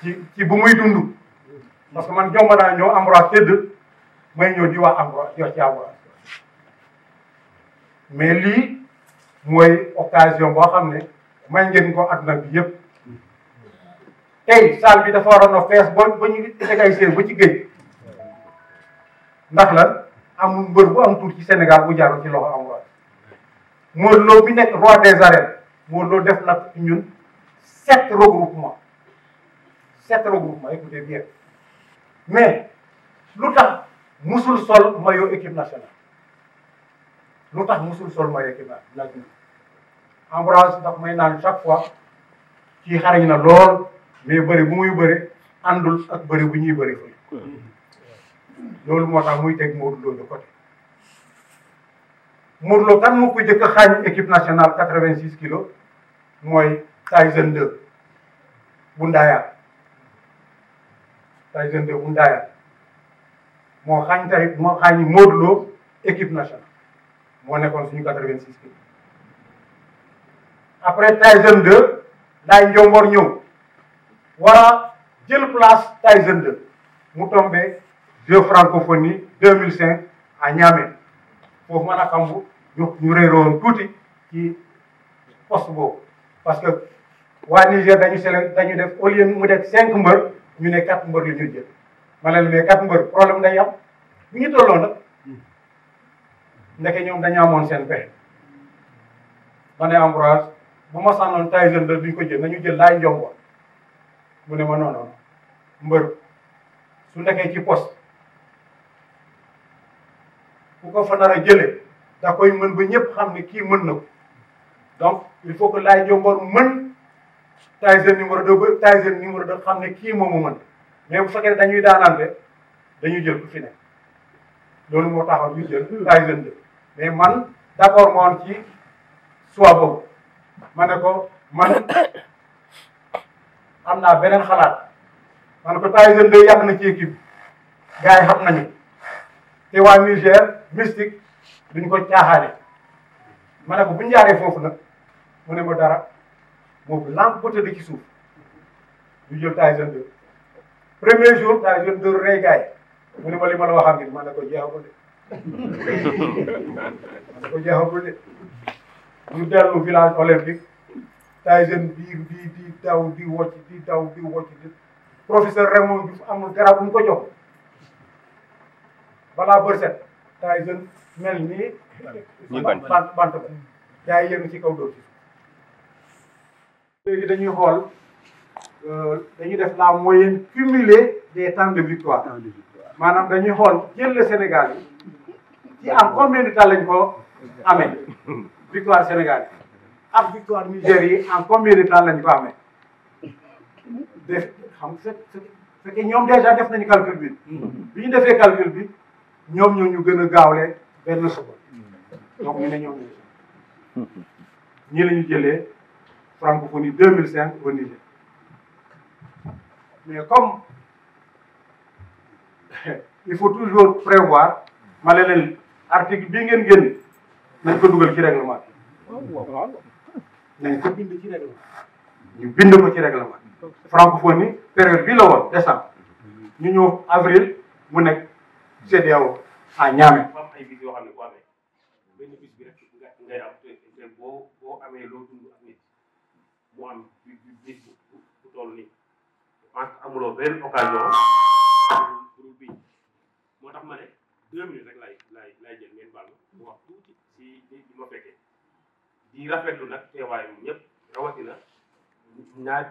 ci ci bu muy dund parce que man jomb naa ñëw Ambroise tëdd may ñëw di wax Ambroise di wax ci Ambroise mais lii mooy occasion boo xam ne may ngeen ko àdduna bi yëpp tey salle bi dafa waroon a fees ba ñu teg ay seen ba ci géej ndax am tur ci Sénégal bu jaarul ci loxo Ambroise Modou bi nekk roi des arènes Modou Lo def nag ñun sept regroupement sept regroupement écoutez bien mais lu tax musul sol maillot équipe nationale lu tax musul sol maillot équipe nationale Ambroise daf may naan chaque fois kii xarañ na lool mais bëri bu muy bëri àndul ak bëri bu ñuy bëri moo tax muy teg Modou Lo de côté kan moo ko jëkk a équipe nationale quatre-vingt-six kilos mooy Tyson 2 bu ndaayaa tay jeune de mu ndaayaan moo xañ tay moo xañ Modou Lo équipe moo nekkoon suñu quatre-vingt-six bi après Tyson 2 day njomboor ñëw war a jël place Tyson 2 mu tombé Jeux francophonie 2005 à Niamey foofu mën a xam ñu ñu réeroon tuuti ci poste boobu parce que waa Niger dañu sele dañu def au lieu mu def cinq mbër ñu ne quatre mbër la ñu jël ma ne la mbër problème day am bu ñu tolloo nag ndeke ñoom dañu amoon seen pexe ma ne Ambroise bu ma sànnoon Tyson la duñ ko jël nañu jël laay njomboon mu ne ma noonoon mbër su nekkee ci pos ku ko fa nar a jëlee da koy mën ba ñëpp xam ne kii mën na donc il faut que laay njomboon mën taay seen numéro doo ko taay seen numéro doo xam ne kii moom mën mais bu fekkee dañuy daanante dañuy jël ku fi ne loolu moo taxaw ñu jël taay seen jël mais man d'accord ma woon ci soit boobu ne ko man [COUGHS] am naa beneen xalaat ma ne ko taay seen day na ci équipe gars yi xam nañu te waa Niger mystique duñ ko caaxaane ma ne ko bu ñu jaaree foofu nag mu ne ma dara moo lampoté la ci suuf ñu jël Tyson 2 premier jour Tyson 2 rey mu li ma la waxam ni man na ko jeexagul de man na ko jeexagul de ñu dellu village olympique Tyson bii bi di daw di wocc di daw di wocc di professeur Raymond Diouf amul garab bu mu ko jox balaa bërset mel nii bant bant ci kaw doo léegi dañuy xool euh, dañuy def la moyenne cumulée des temps de victoire maanaam dañuy xool jël le Sénégal ci am combien de temps lañ ko amee victoire Sénégal yi ak victoire Nigérie yi en combien de temps lañ ko amee def xam nga fekkee ñoom déjà def nañu calcul bi bi ñu defee calcul bi ñoom ñoo ñu gën a gaawle benn suba donc ñu ne ñoom ñii jëlee francophonie 2005 au Niger. Mais comme [LAUGHS] il faut toujours prévoir ma ne leen article bii ngeen génn dugal ci règlement bi nañ ko ci règlement francophonie période bii la woon décembre ñu ñëw avril mu nekk CEDEAO à Niamey am ay mu am bu bis bu toll nii je benn occasion moo tax ma ne deux mil rek laay laay laay jël ngeen baal ma wax tuuti si li ma fekkee di rafetlu nag teewaayu ñëpp rawatina ñaar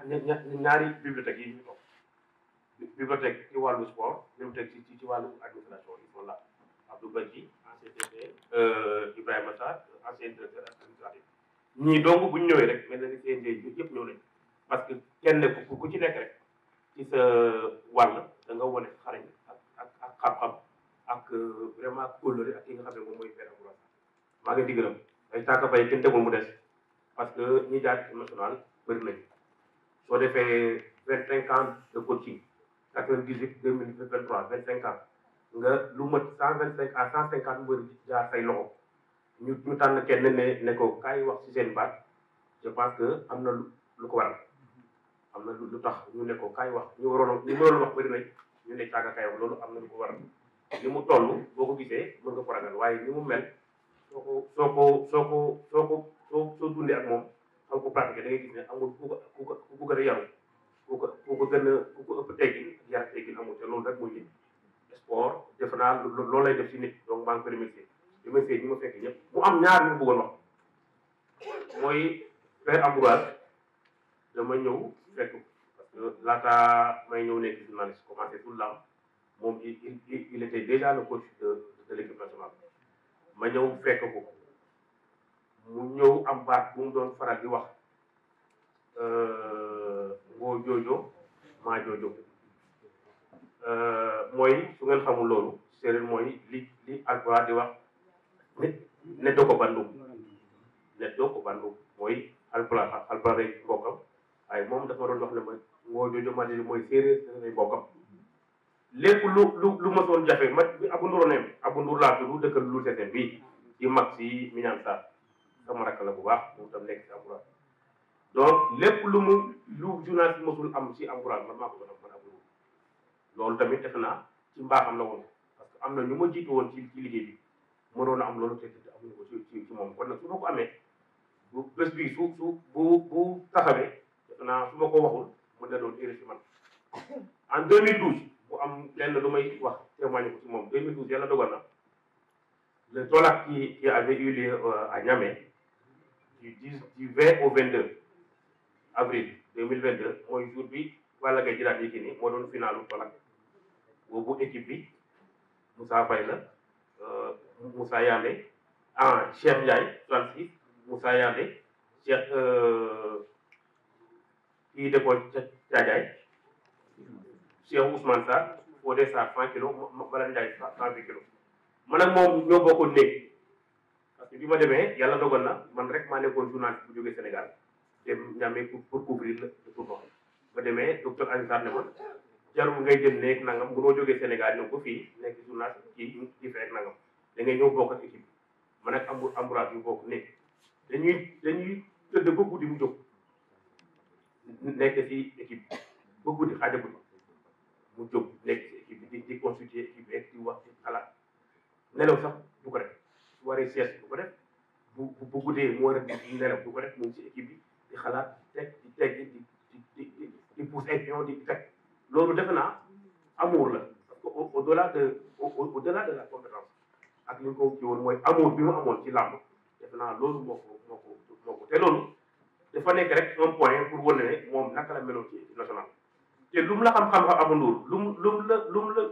ñaari bibliothèques yi ñu toog bibliothèque ci wàllu sport bibliothèque ci ci wàllu administration yi moom la Abdou Badji ancien DG euh, Ibrahima Sarr ancien directeur administratif ñii dong bu ñu ñëwee rek mel na ni CNG bi yëpp ñëw nañ parce que kenn ku gu ci nekk rek ci sa wàll da nga wane xarañ ak ak ak xam-xam ak euh, vraiment kóllëre ak yi nga xam ne moom mooy Père Ambroise maa ay Taka Faye kenn demul mu des parce que ñi jaar ci national bëri nañ soo defee vingt cinq ans de coaching quatre vingt dix huit deux mille vingt trois vingt cinq ans nga lu mat cent vingt cinq à cent cinquante mbër jaar say loxo. ñu ñu tànn kenn ne ne ko kaay wax ci seen baat je parce que am na lu ko waral am na lu tax ñu ne ko kaay wax ñu waroon ñu waroon wax bëri nañ ñu ne caaga loolu am na lu ko waral ni mu toll boo ko gisee mën nga ko ragal waaye ni mu mel soo ko soo ko soo ko soo ko soo moom xam ko pratiqué da ngay gis ne amul ku ko ku ko ku ko gën a yaru ku ko ko gën a ku ko amul te loolu rek mooy nit sport defe naa loolu lay def ci nit donc maa ngi li ma seet ñi ma fekk ñëpp mu am ñaar ñu bëggoon wax ñëw fekk que laata may ñëw nekk journaliste moom il il était déjà le coach de fekk ko mu ñëw am baat bu mu doon faral di wax euh, ngoo joojo maa joojo euh, mooy su ngeen xamul loolu séeréer mooy li li Alxuraan di wax neddoo ko bandum neddoo ko bandum mooy alpulaar ak alpulaar ay mbokkam waaye moom dafa doon wax ne mooy ngoo ma ne mooy séeréer ay mbokkam lépp lu lu lu jafe ma abu ndur neem abu ndur laa tudd dëkkal lu seseen bii di mag si miñaan saar sama rakk la bu baax moom tam nekk si lépp lu mu lu journaliste mësul am si ambulance man a loolu tamit def naa ci mbaaxam na woon parce que am na ñu ma jiitu woon ci ci liggéey bi mënoon a am loolu te te amuñu ci ci moom kon nag su ma ko amee bu bés su su bu bu su ma ko waxul mën na doon erreur ci man [COUGHS] en 2012 bu am lenn lu may wax témoigné ko ci moom 2012 yàlla dogal na le Tolak qui qui avait eu lieu euh, à Niamey du 10 du 20 au 22 avril 2022 mooy jour bi Balla Gaye jëlaat yi kii nii moo doon finalu Tolak boobu équipe bi Moussa Faye la. Euh, Moussa Yandé ah Cheikh Ndiaye 36 Moussa Yandé Cheikh euh, kii dëkkoon ca Caajaay Cheikh Ousmane Sarr Fodé Sarr 100 kilos Malang Ndiaye 100 kilos man ak moom ñoo bokkoon néeg parce que bi ma demee yàlla dogal na man rek maa nekkoon journaliste bu jógee Sénégal dem Niamey pour pour couvrir le tournoi ba demee docteur Alioune Sarr ne ma jarul ngay jël néeg nangam bu noo jógee Sénégal ñëw ko fii nekk journaliste kii ñu ci nangam. da ngay ñëw bokk ak équipe man ak ambu ambourage yu bokk nekk dañuy dañuy tëdd ba guddi mu jóg nekk si équipe ba guddi xaaja guddi mu jóg nekk si équipe bi di di constituer équipe bi di wax ci xalaat nelaw sax du ko def su waree sieste du ko bu bu guddee mu war a nelaw du ko def moom si équipe bi di xalaat teg di teg di di di di pousse ay pion di teg loolu defe naa amour la parce que au delà de au delà de la ak li ko ci woon mooy amoon bi mu amoon ci làmb def naa loolu moo ko te loolu dafa nekk rek un point pour wane ne moom naka la meloon ci national te lu mu la xam-xam ak lu mu la lu mu la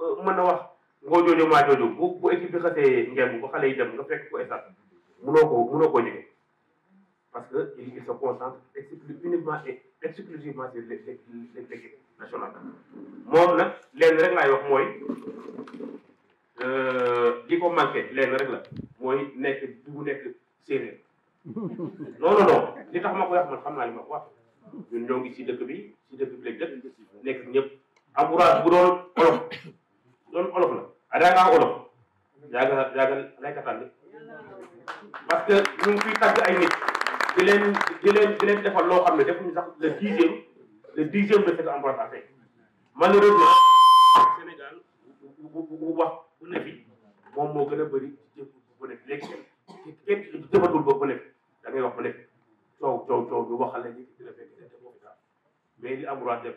euh, mën na wax ngoo joojo maa joojo bu bu équipe bi xasee ngemb bu xale yi dem nga fekk ko état munoo ko munoo koo jege parce que il se concentre uniquement et exclusivement sur l'équipe nationale moom nag lenn rek laay wax mooy li ko manqué leen rek la mooy nekk bu nekk séeréer non non non li tax ma ko wax man xam naa li ma ko wax ñun ñoo ngi si dëkk bi si dëkk bi lañ dëkk nekk ñëpp encourage bu doon olof doon olof la a daagaa olof yaaga yaaga laykataan parce que ñu ngi fiy tàgg ay nit di leen di leen di leen defal loo xam ne defuñu sax le dixième le dixième de cette emploi à fait malheureusement Sénégal bu wax bu ne fi moom moo gën a bëri ci bu ba bu ne fi da ngay wax bu ne fi coow coow coow bi waxal la ñu dina fekk dina def mais li am roi def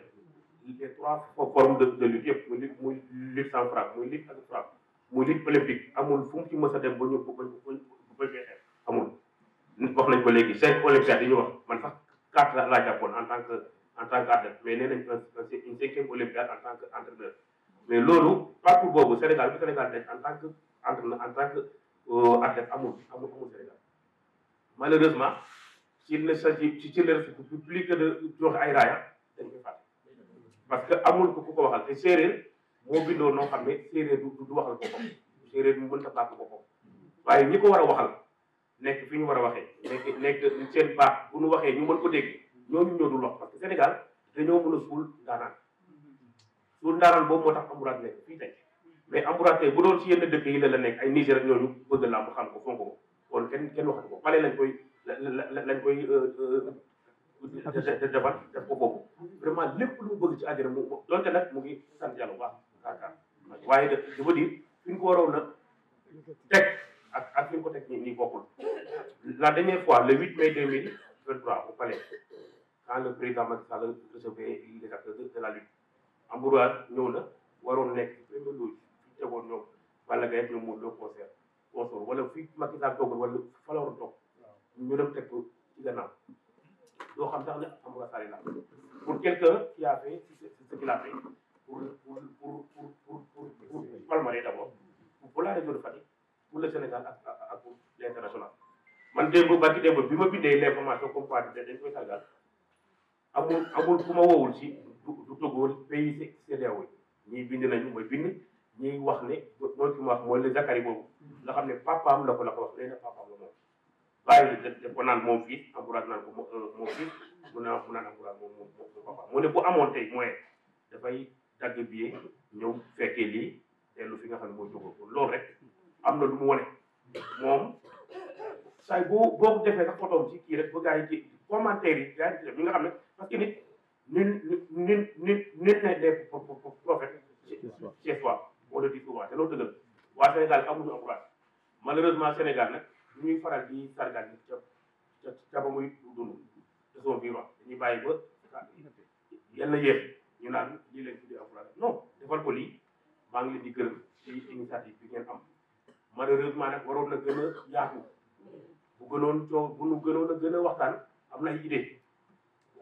les trois formes de de lutte yëpp muy lutte muy lutte sans frappe muy lutte olympique amul fu mu ci mës a dem ba ñu ba ñu amul. wax nañ ko léegi cinq a yi ñu wax man sax quatre laa jàppoon en tant que en tant que athlète mais nee nañ un un cinquième en tant que entraîneur. mais loolu parcours boobu Sénégal bi Sénégal nekk en tant que entraîneur en tant que euh, athlète amul amul amul Sénégal malheureusement s'il ne s'agit ci ci leen plus que de joxe ay raaya dañ koy fàtte parce que amul ku ko waxal te séeréer moo bindoo noo xam ne séeréer du du waxal boppam séeréer mu mënta fàtte boppam waaye ñi ko war a waxal nekk fi ñu war a waxee nekk nekk seen baax bu ñu waxee ñu mën ko dégg ñooñu ñoo dul wax parce que Sénégal dañoo mën a suul daanaan lu ndaaral boobu moo tax amuraat nekk fii tey mais amuraat tey bu doon si yenn dëkk yi la la nekk ay Niger ak ñooñu bëgg làmb xam ko fonk ko kon kenn kenn waxatu ko pale lañ koy lañ koy euh, euh, defar def ko boobu vraiment lépp lu mu bëgg ci àddina mu donte nag mu ngi sant yàlla bu waaye de je veux dire fi ko waroon a teg ak ak fi ñu ko teg nii nii la dernière fois le 8 mai 2023 au palais quand le président Macky Sall recevait les acteurs de la lutte Ambroise ñëw na waroon nekk premier loge fi tegoon ñoom Balla Gaye ñoom moo doon concert concert wala fii Macky Sall toogoon wala fa la waroon toog ñu dem teg ko ci gannaaw doo xam sax ne a fait a de Fatick Sénégal ma bindee l'information comme amul amul ku ma woowul si du Togo pays CEDEAO yi ñii bind nañu mooy bind ñuy wax ne mooy ki ma wax mooy le Zakari boobu nga xam ne papaam la ko la ko wax nee na papaam la moom bàyyi def ko naan ko moom fii mu naan mu naan encourage moom moom papa mu ne bu amoon tey mooy dafay dagg billet ñëw fekkee lii dellu fi nga xam ne mooy Togo kon loolu rek am na lu mu wane moom saay boo boo defee sax photoom ci kii rek ba gars yi ci commentaire yi nga xam ne parce nit nul nul nul nul n'est des prophètes chez soi on le dit souvent te loolu dëgg la waa Sénégal amuñu alxuraan malheureusement Sénégal nag ñu ñuy faral di sargal ni ca ca ca ba muy dund te soo bii wax dañuy bàyyi ba yal na yéex ñu naan lii lañ tuddee alxuraan non defal ko lii maa ngi leen di gërëm ci initiative bi ngeen am malheureusement nag waroon na gën a yaatu bu gënoon coow bu nu gënoon a gën a waxtaan am na ay idée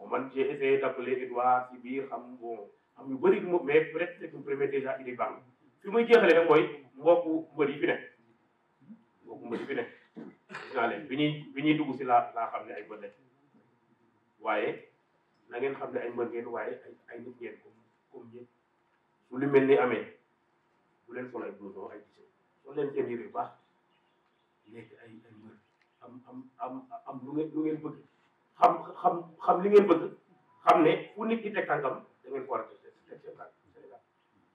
bon man j'ai essayé d'appeler Edouard si biir xam bon xam yu bëri moom mais peut-être c'est une première déjà idée baax na fi muy jeexale rek mooy mbokku mbër yi fi nekk mbokku mbër yi fi ñuy dugg si laa laa ne ay mbër lañ waaye na ngeen xam ne ay mbër ngeen ay ay nit ngeen comme comme su lu mel ni amee bu leen sol ay blouson ay t-shirt sol leen seen yére yu baax nekk ay ay mbër am lu ngeen lu ngeen bëgg xam xam xam li ngeen bëgg xam ne fu nit ki teg tànkam da ngeen a teg seen tànk Sénégal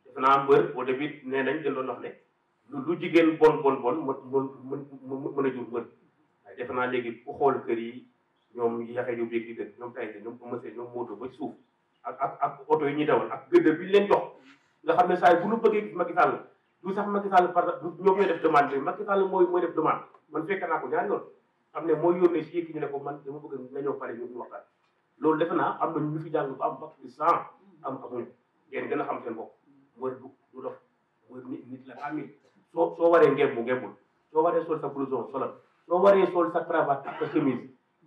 defe naa mbër au début nee nañ gën doon wax ne lu jigéen bon bon bon mën mën a jur mbër waaye defe naa léegi ku xool kër yi ñoom yaxe yu béeg di dëkk ñoom tay ñoom monsieur ñoom moto ba suuf ak ak ak oto yi ñuy dawal ak gëdd bi leen jox nga xam ne saa yi bu ñu bëggee gis Macky Sall sax Macky Sall par ñoom ñooy def demande bi Macky mooy def demande man fekk naa ko ñaari yoon am ne moo yónnee si yëkki ñu ne ko man dama bëgg nga ñëw pare ñu waxtaan loolu defe naa am na ñu fi jàng ba am bac plus cent am amuñu ngeen gën a xam seen bopp mooy du du soo soo waree ngembu ngembul soo waree sol sa blouson solal soo sa cravate ak sa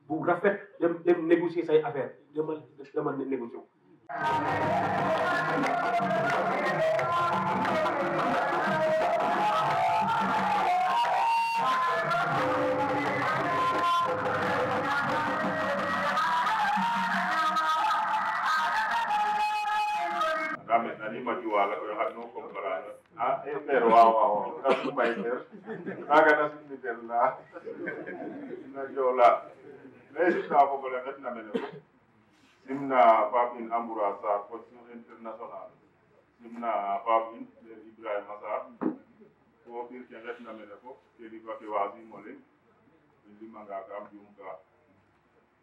bu rafet dem dem say affaire demal demal négocier wu Thank wala ko yo xam no comprendre ah e ter waaw waaw ka sumay ter kaga na sumni ter la na jola mais juste a fogole ndet na mene fop simna baab in Amoura Sarr position international simna baab in der Ibrahima Sarr fo pir ke ndet na mene fop kilifa ke wasimole ndimmangaaka am juum ka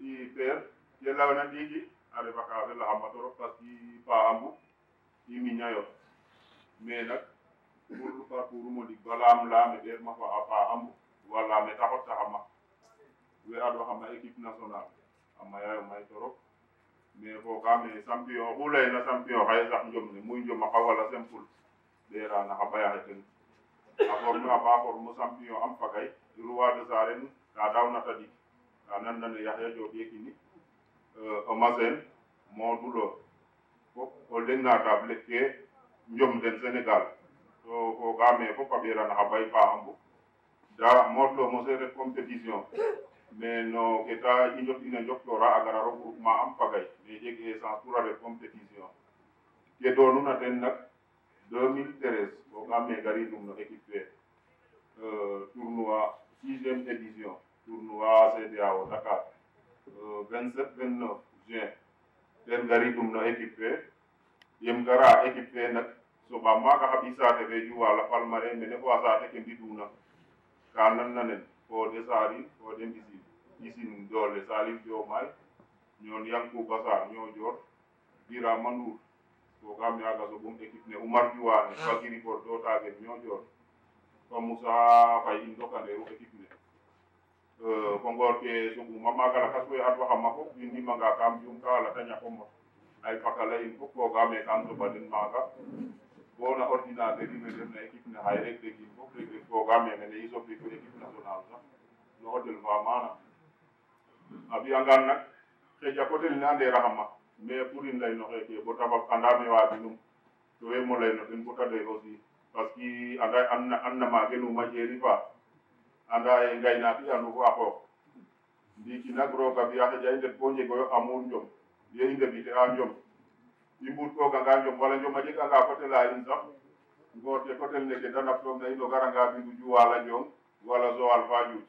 i père ye lawna ndiiki a refa ka felaxama torop parce pa ambu i miñayo mais nak pour parcours um o ndik ba laam laame ɓeerma faxa pa ambu wa laame ta xottaxama we aɗoxama équipe nationale a mayayo may torop mais fogaame champion oxu layna champion xaye sax njom ne muy njom axa wala simple ɓeera naxa ɓayaxe ten a forme a ba forme champion am fagay roi de saren naadaw natadi nda nanndane yahya jooɗi kini o euh, masen mooduɗo fof o lenga table ke jomden sénégal to fogaame fof a ɓeerana xa bay fa ambo da mootlo mose ref compétition mais no ke i njot ina njoktoora a gara regroupement am pagay mais jeg essence pour a ref compétition ke doonuna ten nak 2013 fogaame garidum no équipe fe euh, tournoi sixième édition tournoi CEDEAO Dakar uh, vingt sept vingt neuf juin nden gari ɗum no équipe yem gara équipe fe nak so ɓam maka haɓi sate fe juwala palmare mene ko a sate ke mbiduna ka nannanen hoode saari hoode mbisi isin doole salif jomay ñoon yankuba sar ñoojor bira mandour to kam yaga so ɓum équipe ne oumar juwane bagiri bor do tagen ñoojor ko moussa fay in dokande o équipe ne kongor euh, ke suguma maga lakas koy at waxama fop i ndimanga kam jum ka lata ñako mos ay pakala in fop fogame kam soɓanin maaga bona ordinateur in we ndefna équipe ne xaye rek rek in fop rek rek fogame mene i soɓri fo équipe national sax no hotel fa mana a fiyangan nak xeja cotel ne andera xama mais pour in ley no xeeke bo ta fag andame waginum to we mo ley no ten bota doy aussi parce que anda an na mage numa jeri fa anda e gaynaaɓe anndu ko akooko mbikina groga mbiya haja i ndet bo jegoyo amun jom ye i ndebite a jom i mbuutkoganga jom wala jom a jeganga coté la in sax ngoorte cotel neke da naftoog na in o garanga bindu juwala jong wala zowal fa juuj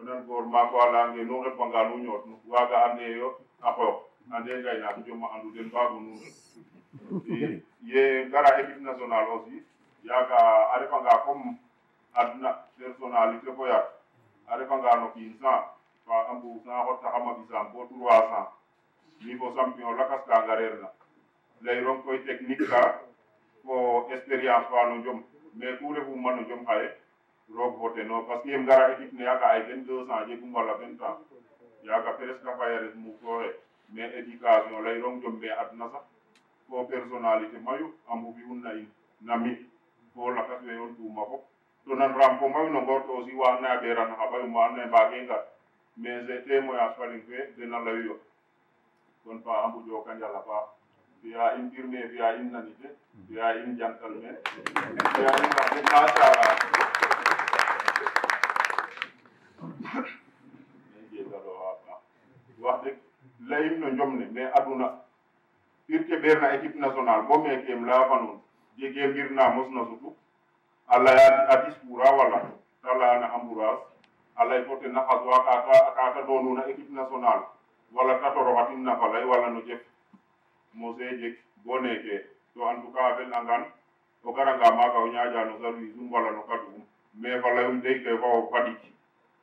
onan goor maako a leyange nu xepanga nu ñoot nu waaga andeeyo a qooq ande e gaynaak joma andu den mbaagu nuun [LAUGHS] ye ngara équipe nationale aussi yaaga a refanga comme aduna personnalité koyat a refanga no kiin cent faxa mbuuf cent xottaxama ɓisaam bo trois cent mi fo champion lakas ka ngareerna layrong koy technique ka fo expérience fa no jom mais ku refuma no jom xaye roog fo teno parce que yeem ngara équipe ne yaga ay ten deux cent jegum wala vingt ans yaga presque a faya res muufooxe mais éducation layrong jom me adna sax fo personnalité mayu a mbufi un na in na mi fo lakas we yoon tuuma to nanranko mayu no gorto aussi wanna ya ɓeran ha ɓayu mo anna e mbage ngal mais e témoignage faɗin fe dena lawiyo ɗon fa ambujo ka njala fa mbiya in ɓirme mbiya in nanide mbiya in jantal men mbiya in ade masara jeegaɗo hapa waxde layim no jomne mais aduna irke ɓerna équipe national bo meke em laafa noon jege mbirna mosna sutu alla ya adis ɓura walla ta layana ambourage alla porte nafas wa kata kata donuna équipe nationale walla ta toroxatin nafalay walla no jeg mose jeg bo neke to en tout cas a fel'angan o garanga maaga o ñaaƴa no service um walla no kadugum mais fa layum dey ke fo fadik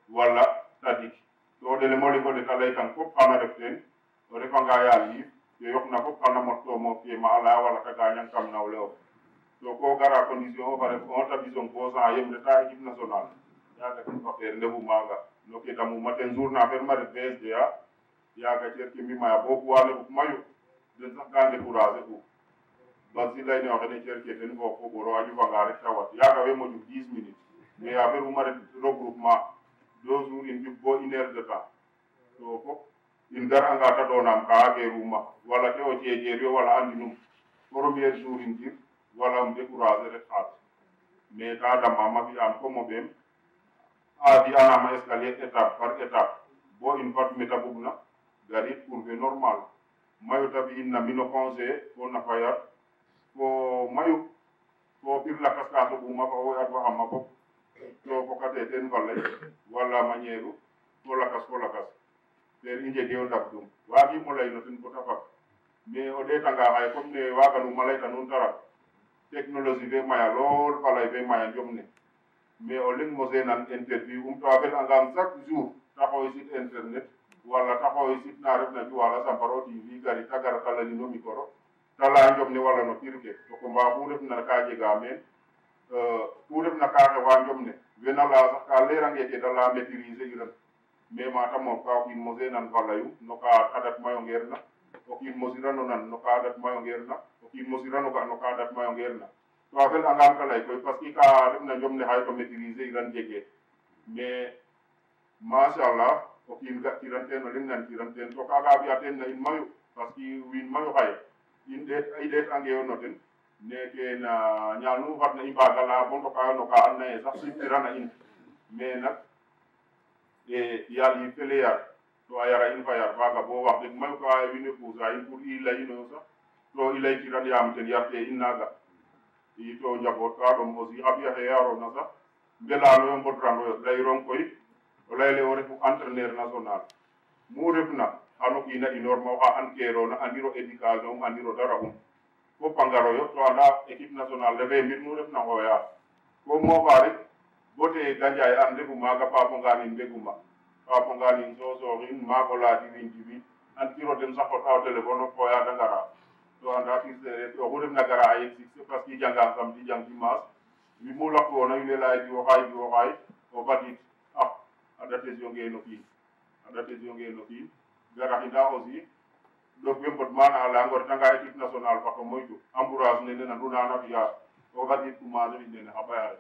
walla tadik to o ɗelemo leko de ta lay kan fop xana ref teen o refanga ya liif ye yoqna fop xana mot to moof ke ma a laya walla ta gañang kam nawle of joko gara condition o bare on tabison gosa yemreta équipe nationale yaga ken affaire ndefu maga noketamuma ten jour na affaire mari vsda yaga cerke mimaya bo poids ne fuk mayu den sax ka découragé ku basi layne o xene cerke ten fo fogoro a ƴufanga rek ta wat yaga we moƴu 10 minutes mais affaire uma ret regroupement deux jours in ƴuf bo une heure de temps to fop in garanga donam ka a geruma wala ke o jejerio wala andinum premier jour in jir wala um décourager rek xaat mais ka dama ma fi'an fo moɓeem a fi'anama escalier étape par étape bo in fad meta bugna garit pour fe normal mayu ta na mino conseil fo na fayat fo mayu to pir lakas ka soɓuma fa o yat waxamma fop to fokate teen faley wala mañeeru to lakas fo lakas ter i njege o ndab dum waagiimo lay no ten bota fag mais o ɗeetanga xaye comme ne waaganuma layta nuun ta rak technologie fe maya lool falay fe maya jom ne mais o leŋ mosenan interview um to a fel angam chaque jour ta xooy internet wala ta xooy site na refna Dioula Samparo TV gari ta gar talalino micro ta leya jom ne wala no ke to combat fu refna ka jega meen euh, fu refna ka xewa jom ne wena leya sax ka leerange ke da leya maitriser iran mais mata moof ka o kiin mosenan fa layu ka a ƭat mayongeer o kiin mosirano nan no ka datmayo ngeerna o mosirano ka datmayo ngeerna to a fel'angaan ta lay koy parce que ka refna njom ne xaye to maitriser iran jege mais machallah o kiin ga tiran teen o leŋ nan tiran teen to kaaga a fi'a na in mayu parce que wiin mayu xaye in ɗeet i ten neke na ñaal nu na i mbaaga laya bo ndokayo no ka andoona yee sax simtirana in mais nak e, yaal yip fe toayara in fa yar faga bo wax deg mayu ka wiin we puusa in pour i leyino sax to i leykiran yaam ten yarte in naaga i to njaboot ka ɗom aussi a ɓiya xe yarona sax mbelanoyo mbodrangoyo leyirong koy o leyele o refu entraîneur national mu refna xano kiina inoor ma oxa an kerona andiro éducation um andiro dara um fo pangaroyo to anda équipe nationale refe mbir nu refna ngooya ko mofa rek bo te ganjaye an refu maaga pafonganin mbeguma kapongalin sosoxin maago laadirin jibi an tiroden sakota o téléphone o koyada ngara to anda fi sereer oxu refna gara a yeg six parce que janga samedi jang dimanche mi mu lakwoona wiin we leya jiwo xaay jiwo xaay o fadid ah, a anda tesio nge no kiin anda tesio nge no kiin garaxida aussi ɗof we mbod maana a leyang o retanga équipe national fato moytu embourage nene nandu nana fiya o fadid commencer fi nene xa ɓayare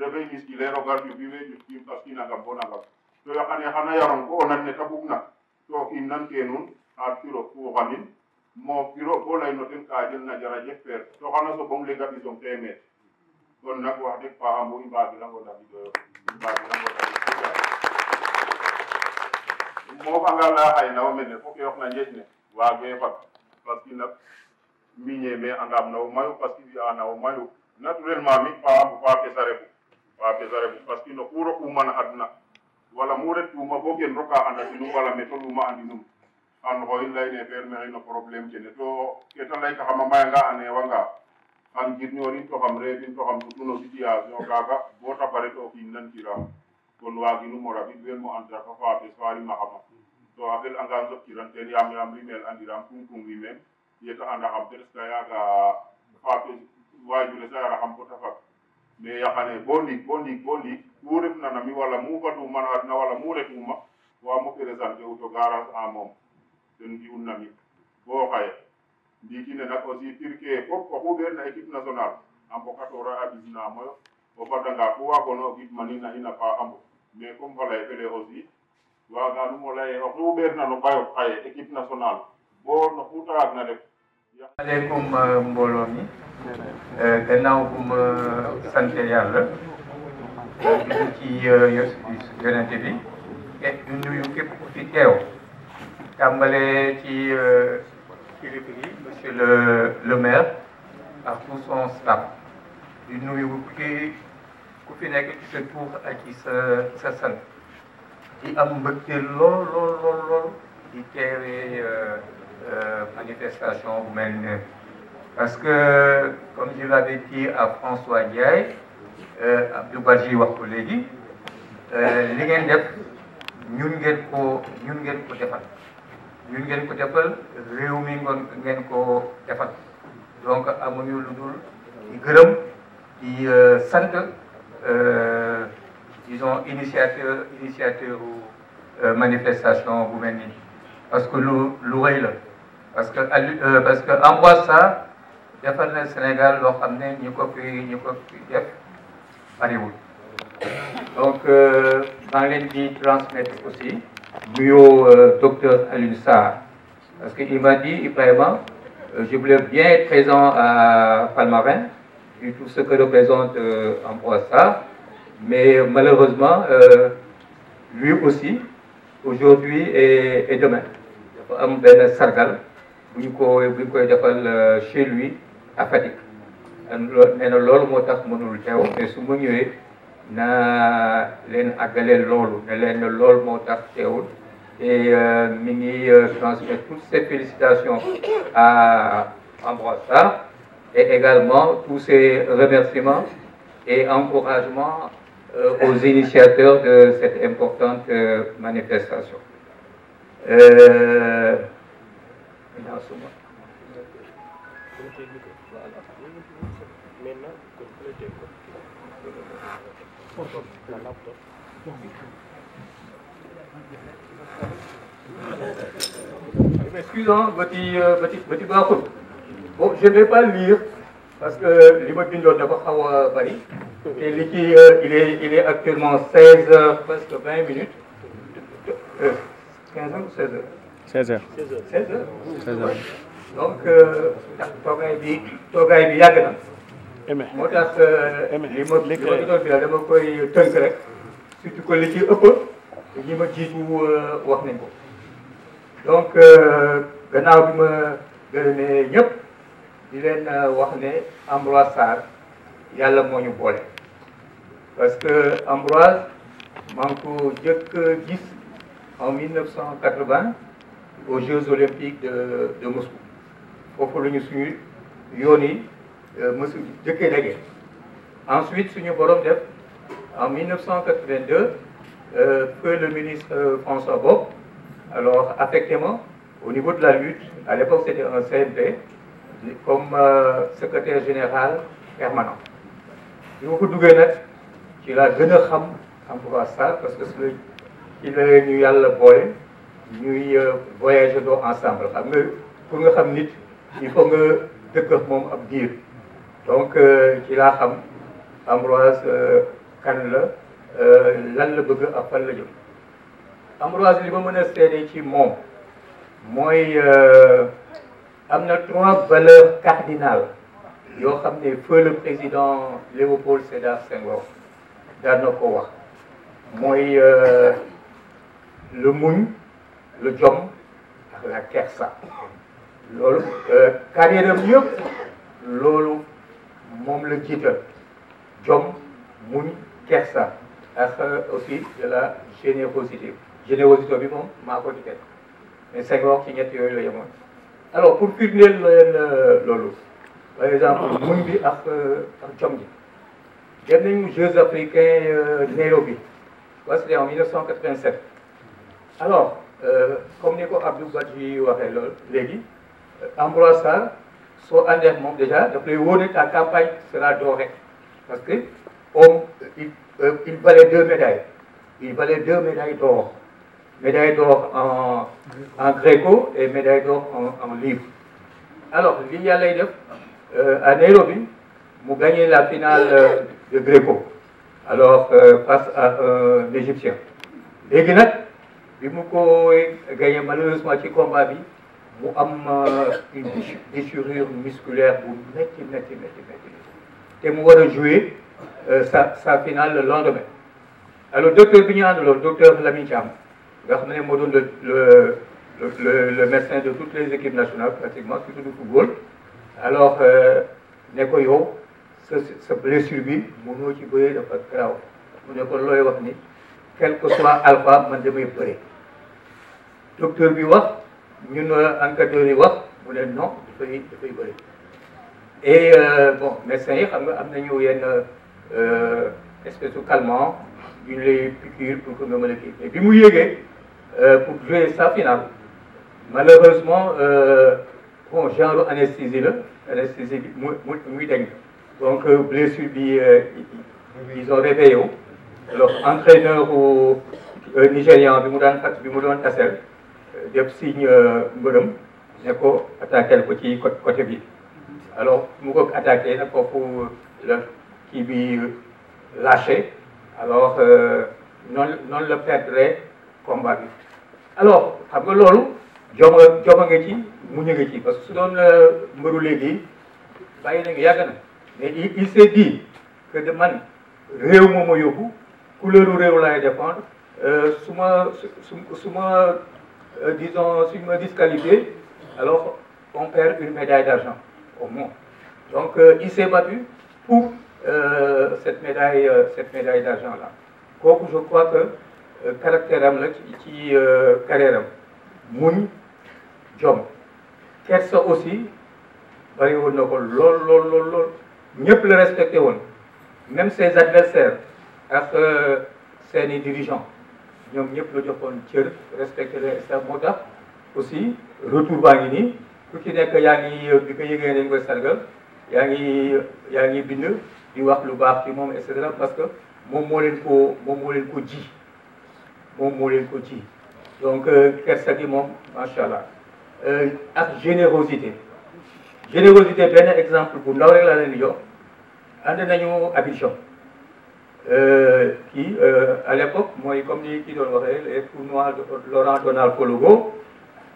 refe miskileer o gar ƴufi we ƴuf kiim parce que nangam bo nangam to yakane xana yaron ko onan ne ta bugna to kiin nan ke nun xaar kiro kuuxanin mo kiro bo layno ten ka jël na jara jeg feer to xana soɓong lega ɓisong temeet kon nag wax dëgg paa ambu i mbaagirango dabidoyo i mbaagirango dabid moofanga laya xay nawo mene fo ke yoqna njeeƴ ne waage fag parce que nag miñe me andaam nawo mayu parce que fi'a nawo mayu naturellement mi paa ambu paa pesa refu paa pesa refu parce que no ku rokumana adna wala mu rettuma bo gen roka anda tinum wala me toluma andinum an xoyin layne ɓeer mexino probléme kene to ke ta lay taxama mbayanga a neewanga xam jirñoorin to xam reefin to xam sutuno situation kaaga bo ta bare to o kiin nankiram kon waaginum o rabid wel mo andira fa faabes fa rimaxama to a fel'angan soɓkiran teen yaam yaam rimel andiram kungkung rimel yeta anda xam presque yaaga faabes waajure sa yara xam bota fag mais yaqane bo ndiig bo ndiig bo ndiig woɗetunanami walla muubaduma na walla muuretuma wamo présenté u to garage en mom ten mbi'unnami bo xaye ndiiki ne nak aussi pirke e fop oxu ɓeerna équipe nationale a mbokatoora a ɓisna moyo o fadanga ku waagoona o gidmanina in a paaxambo mais comme fa lay e fele aussi waaganum o laye oxu ɓeerna no ɓayof xaye équipe nationale bo no xu taxaagna rek aleykum euh, mbooloo mi euh, gannaaw bu ma sante yàlla ñu ci yonente bi et eh, ñu nuyu képp ku fi teew tàmbale ci kilifa euh, yi monsieur le maire ak son staff ku fi nekk ci sa tuur ak ci sa sa sant am mbëgte lool lool lool lool di teewee euh, euh, manifestation bu mel ne parce que comme je l'avais dit François Ndiaye Euh, Abdou Badji wax ko léegi euh, li ngeen def ñun ngeen ko ñun ngeen ko defal ñun ngeen ko defal réew mi ngoon ngeen ko defal donc amuñu lu dul di gërëm di euh, sant disons initiateur initiateur manifestation bu mel nii parce que lu lu rëy la parce que parce que en ça defal na Sénégal loo xam ne ñu ko fi ñu ko fi def bariwul donc euh, maa ngi leen transmettre aussi nuyoo euh, docteur Alioune parce que il m'a dit Ibrahima euh, je voulais bien être présent à Palmarin et tout ce que représente Ambroise Sarr mais malheureusement lui aussi aujourd'hui et demain dafa sargal bu ñu ko bu ñu koy chez lui à Fatick nee na loolu moo tax mënul teew mais su ma ñëwee leen àggaleel loolu ne leen loolu moo tax teewul et euh, mi ngi euh, transmettre toutes ses félicitations à Ambroise Sarr et également tous ses remerciements et encouragements euh, aux initiateurs de cette importante manifestation. Euh, Excusez-moi, euh, petit, petit, je ne vais pas lire parce que euh, li ma bindoon dafa xaw a bari te li ci euh, est actuellement 16 heures presque 20 minutes 15 heures ou 16 heures. 16 heures. 16 heures. 16 heures. donc ndax euh, toogaay bi toogaay bi yàgg na. moo tax euh, li ma li ma doon dama koy tënk rek surtout que li ci ëpp ñi ma jiitu euh, wax nañ ko. donc gannaaw bi ma gërëmee ñëpp di leen wax ne Ambroise Sarr yàlla moo ñu boole parce que Ambroise maa ko jëkk gis en 1980 aux Jeux olympiques de Moscou. foofu la ñu suñu yoon yi euh, mësu jëkkee daje ensuite suñu borom def en 1982 que euh, le ministre euh, François Bob alors affecté ma au niveau de la lutte à l'époque c'était un CNP comme secrétaire général permanent li ma ko duggee nag ci laa gën a xam Ambroise Sarr parce que su ci la ñu yàlla boole ñuy voyager doo ensemble xam nga pour nga xam nit il faut nga dëkk moom ab diir donc euh, ci laa xam Ambroise euh, kan la euh, lan la bëgg ak fan la jëm Ambroise li ma mën a seede ci moom mooy am na trois valeurs cardinales yoo xam ne feu le président Léopold Sédar Senghor daan na ko wax mooy le muñ le jom la kersa loolu euh, carrière am yëpp loolu moom la jiital jom muñ kersa ak aussi de la générosité générosité bi moom maa ko di teg mais Senghor ci ñett yooyu la yemoon alors pour firndeel la leen euh, loolu par exemple muñ bi ak euh, ak jom ji dem nañu Jeux africains Nairobi parce que en 1987 alors comme ni ko Abdou Badji waxee loolu léegi Ambroise Sarr soo àndee ak moom déjà daf lay wóor ne campagne sera dorée parce que homme il euh, il deux médailles il valait deux médailles d'or médaille d'or en en et médaille d'or en livre alors li yàllay def euh, à Nairobi mu gagné la finale euh, de gréco alors euh, à euh, l'Égyptien léegi nag bi mu koy gagné malheureusement ci combat bi mu am euh, une déchirure musculaire bu métti métti métti métti te mu war a jouer euh, sa sa finale le lendemain alors docteur bi ñu àndaloon docteur Lamine Thiam nga xam ne moo doon le le le le médecin de toutes les équipes nationales pratiquement surtout du football alors euh, ne ko yow sa sa blessure bi mënoo ci bëree dafa garaaw mu ne ko looy wax ni quel que soit alpha man damay bëree docteur bi wax. ñun enquêteurs yi wax mu ne non dafay dafay bëri et euh, bon médecins yi xam nga am nañu yenn euh, espèce de calmant yu ñu lay piqûre pour que nga mën a kii mais bi mu yéegee euh, pour jouer sa finale malheureusement bon genre anesthésie la anesthésie bi mu mu muy dañ donc blessure bi ils ont réveillé wu alors entraîneur au Nigérian bi mu daan bi mu doon tasel def signe euh, mbërëm ne ko attaqué ko ci côté bi alors mu ko attaqué nag foofu la kii bi euh, lâché alors euh, noonu la perdre combat bi alors xam nga loolu jom joma nga ci muñu nga ci parce que su doon mbëru léegi bàyyi na nga yàgg na mais il s'est man réew moom ma yóbbu couleuru réew laay défendre su ma su ma Euh, disons, si je me disqualifie, alors on perd une médaille d'argent, au moins. Donc euh, il s'est battu pour euh, cette médaille, cette médaille d'argent-là. Donc je crois que caractère am la ci carrière am muñ jom kersa aussi bari woon na ko lool lool lool lool ñëpp la respecté woon même ses adversaires ak seeni dirigeants ñoom ñëpp la joxoon cër respecté leen staff moo tax aussi retour baa ngi nii ku ci nekk yaa ngi bi ko yëgee dañ koy sargal yaa ngi yaa ngi bind di wax lu baax ci moom et cetera parce que moom moo leen ko moom mooleen ko ji moom moo ko ji donc kersa gi moom macha allah euh, ak générosité générosité benn exemple bu ndaw rek laa leen di jox ànd nañu Abidjan kii euh, euh, à l'époque mooy comme ni kii doon pour les tournois de Laurent Donald Kologo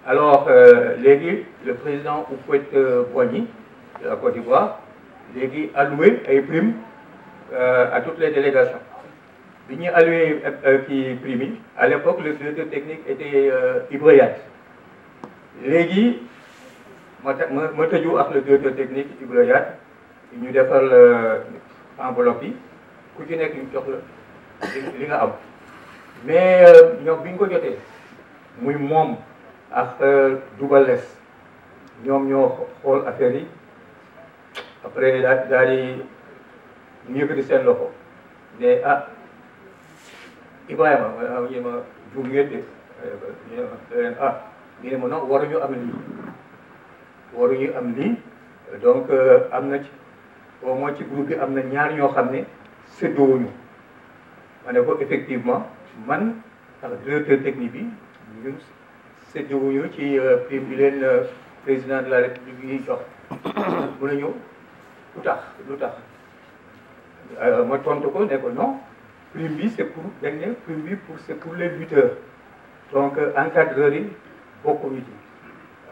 alors euh, léegi le président Houphouët-Boigny de la Côte d'Ivoire léegi alloué ay primes à toutes les délégations bi ñuy alloué kii primes yi à l'époque le directeur technique était Ibrahima léegi ma ma tëju ak le directeur technique Ibrahima ñu defal enveloppe yi ku ci nekk ñu li nga am mais euh, ñoom bi ñu ko jotee muy moom ak euh, dubales ñoom ñoo xool affaire yi après daal daal di ñu yëkkati seen loxo ne ah Ibrahima ma ñëma juum ngeen de leen ah ñu ma non waruñu am lii waruñu am lii donc euh, am na ci au moins ci groupe bi am na ñaar ñoo xam ne séddoowuñu ma ne ko effectivement man ak directeur technique bi ñun séddoowuñu ci euh, prime bi leen euh, président de la république yi jox [COUGHS] mu ne ñëw lu tax lu tax euh, ma tontu ko ne ko non prime bi c'est pour dañ ne bi pour c'est pour les lutteurs donc encadreurs yi bokkuñu ci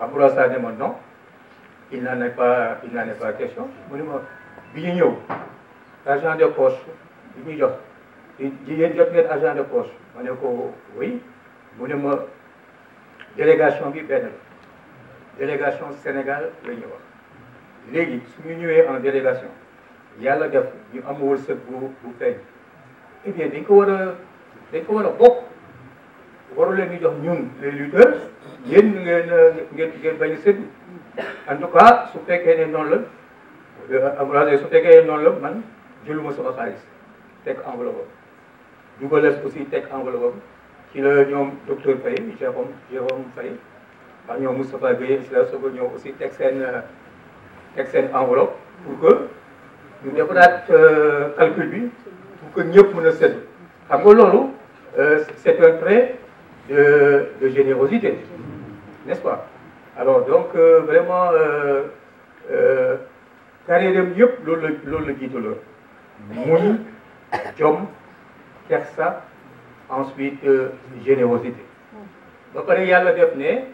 Ambroise Sarr ne ma non il n'en est pas il n'en est pas question mu ma bi ñu ñëw agent de poche bi muy jox jigéen jot ngeen argent de poche ma ne ko oui mu ne ma délégation bi benn la délégation Sénégal la wax léegi suñu ñëwee en délégation yàlla def ñu am wërsëg bu bu feeñ eh dañ ko war a dañ ko war a bokk waru leen jox ñun les lutteurs yéen ngeen ngeen ngeen bañ a en tout cas su fekkee ne noonu la euh, am su fekkee ne noonu la man jëluma sama xaalis teg enveloppe dugalees aussi teg enveloppe ci la ñoom docteur Faye Jérôme Jérôme Faye ak ñoom Moustapha Gueye ci la soog a ñëw aussi teg seen seen enveloppe pour que ñu defaraat euh, calcul bi pour que ñëpp mën a seet xam nga loolu euh, c'est un trait de générosité n'est-ce pas alors donc euh, vraiment euh, carrière yëpp loolu la loolu la jiitaloon muñ jom kersa ensuite euh, générosité ba pare yàlla def ne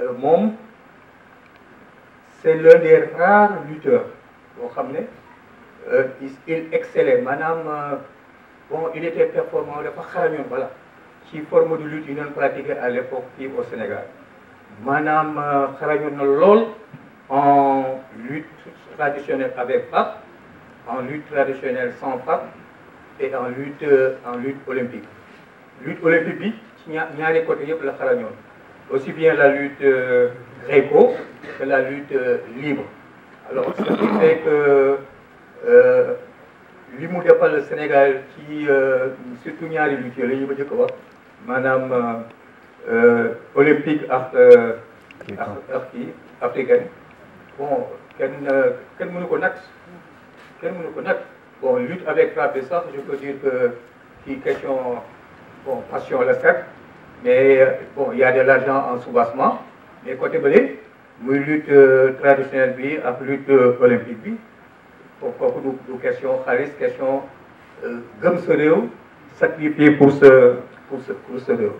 euh, moom c'est l'un des rares lutteurs boo xam ne euh, il excellait maanaam bon il était performant dafa xarañoon voilà ci forme de lutte yi doon pratiqué à l'époque fii au Sénégal maanaam xarañoon lool en lutte traditionnelle avec frappe en lutte traditionnelle sans frappe et en lutte en lutte olympique lutte olympique bi ci ñaari côté yëpp la xarañoon aussi bien la lutte euh, gréco que la lutte euh, libre alors ce qui fait que euh, li mu defal Sénégal ci surtout ñaari lutte yooyu la ñu ba jëkk maanaam olympique ak ak ak bon kenn kenn mënu ko kenn ko nag bon lutte avec la sax je peux dire que kii question bon passion la certes mais bon il y a de l'argent en soubassement mais côté bële muy lutte euh, traditionnelle bi ak lutte euh, olympique bi bon kooku du du question xaalis question euh, sa réew pour sa pour sa pour sa réew.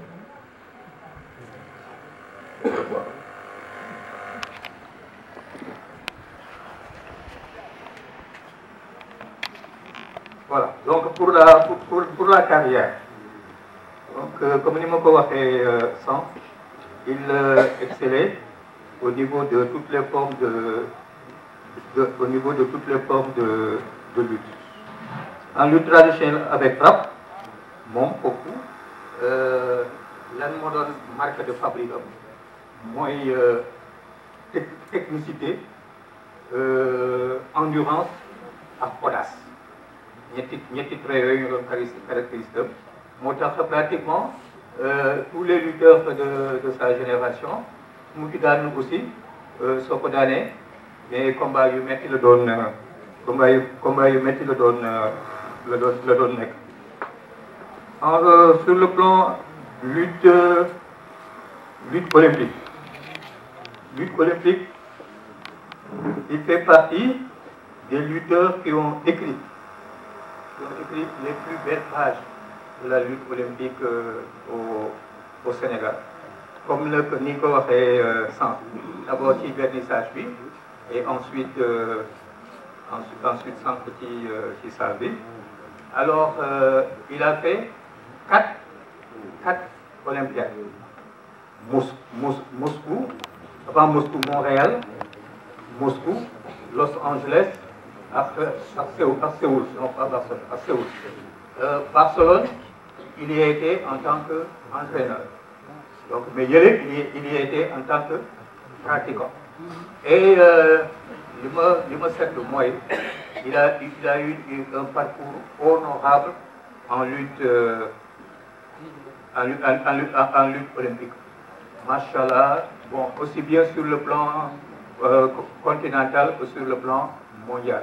voilà donc pour la pour pour, carrière donc euh, comme ni ma ko waxee euh, sànq il euh, excellait au niveau de toutes les formes de, de au niveau de toutes les formes en lutte traditionnelle avec frappe moom kooku euh, lan moo doon marque de fabrique am technicité endurance ak audace. ñetti ñetti trait yooyu ñu doon caractéristique moo tax pratiquement euh, tous les lutteurs de de sa génération mu ngi daanu aussi euh, soo ko daanee mais combat yu metti la doon euh, combat yu combat yu metti la doon la doon la doon nekk alors sur le plan lutte lutte olympique lutte olympique il fait partie des lutteurs qui écrit les plus belles pages de la lutte olympique euh, au Sénégal comme nag ni nga ko waxee euh, sànq d'abord ci vernissage bi et ensuite euh, ensuite ensuite sànq ci ci bi alors il a fait quatre olympiades Mous Mous Moscou avant Moscou Montréal Moscou Los Angeles à, à, Séoul, non pas euh, Barcelone, à Séoul. il y a été en tant qu'entraîneur. Donc, mais Yelek, il, y a été en tant que pratiquant. Et euh, le de il a, eu un parcours honorable en lutte, euh, en, lutte, en, lutte, olympique. Machallah, bon, aussi bien sur le plan euh, continental que sur le plan mondial.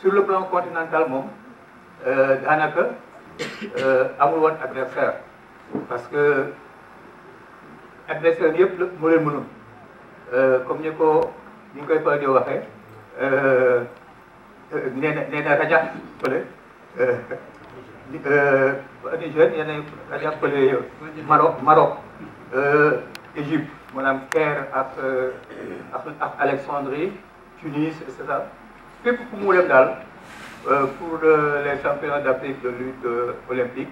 sur le plan continental moom euh, daanaka euh, amul woon adversaire parce que adversaire yëpp moo leen mënoon euh, comme ni ko ni ñu koy faral di waxee nee na nee na rajax fële Niger nee na rajax fële Maroc Égypte maanaam Caire ak ak Alexandrie Tunis et fépp fu mu dem daal euh, pour euh, les championnats d'Afrique de lutte euh, olympique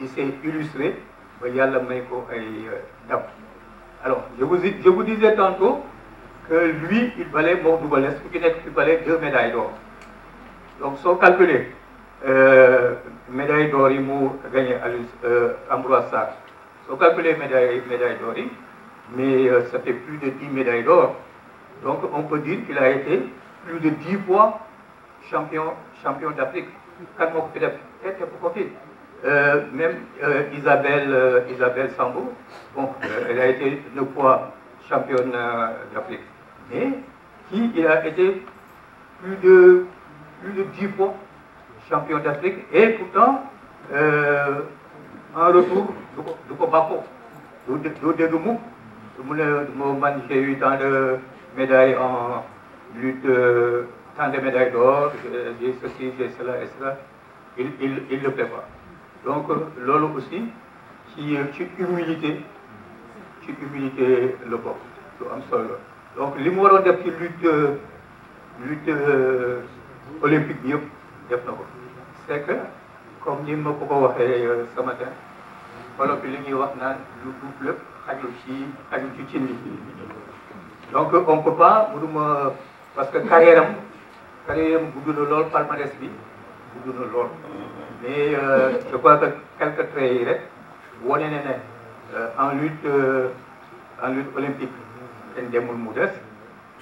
il s'est illustré ba yàlla may ko ay dab alors je vous je vous disais tantôt que lui il valait moom du valais ku ci nekk il valait deux médailles d'or donc soo calculer euh, d'or yi mu gagné Aliou Ambroise Sarr soo calculer médaille médaille d'or yi mais euh, plus de dix médailles d'or donc on peut dire qu'il a été plus de dix fois champion champion d' Afrique kan moo ko fi def Isabelle euh, Isabelle Sambou bon euh, elle a été deux fois championne euh, d' Afrique mais qui il a été plus de plus de dix fois champion d' et pourtant en retour du ko du ko bàkkoo du dégg mukk mu ne man de médailles en. lutte, euh, tant de médailles d'or, j'ai ceci, j'ai cela, etc. Il, il, il le prépare. Donc, euh, loolu aussi ci euh, ci humilité ci humilité le bokk lu am solo donc li mu waroon def ci lutte lutte euh, olympique bi yëpp def na ko c'est que comme ni ma ko ko waxee ce matin wolof bi li ñuy wax naan lu duub lépp xajul ci xajul ci cin li donc on peut pas mënuma parce que carrière am carrière am gudd na lool palmarès bi gudd lool mais euh, je crois que quelques traits rek wane na euh, en lutte euh, en lutte olympique kenn demul mu des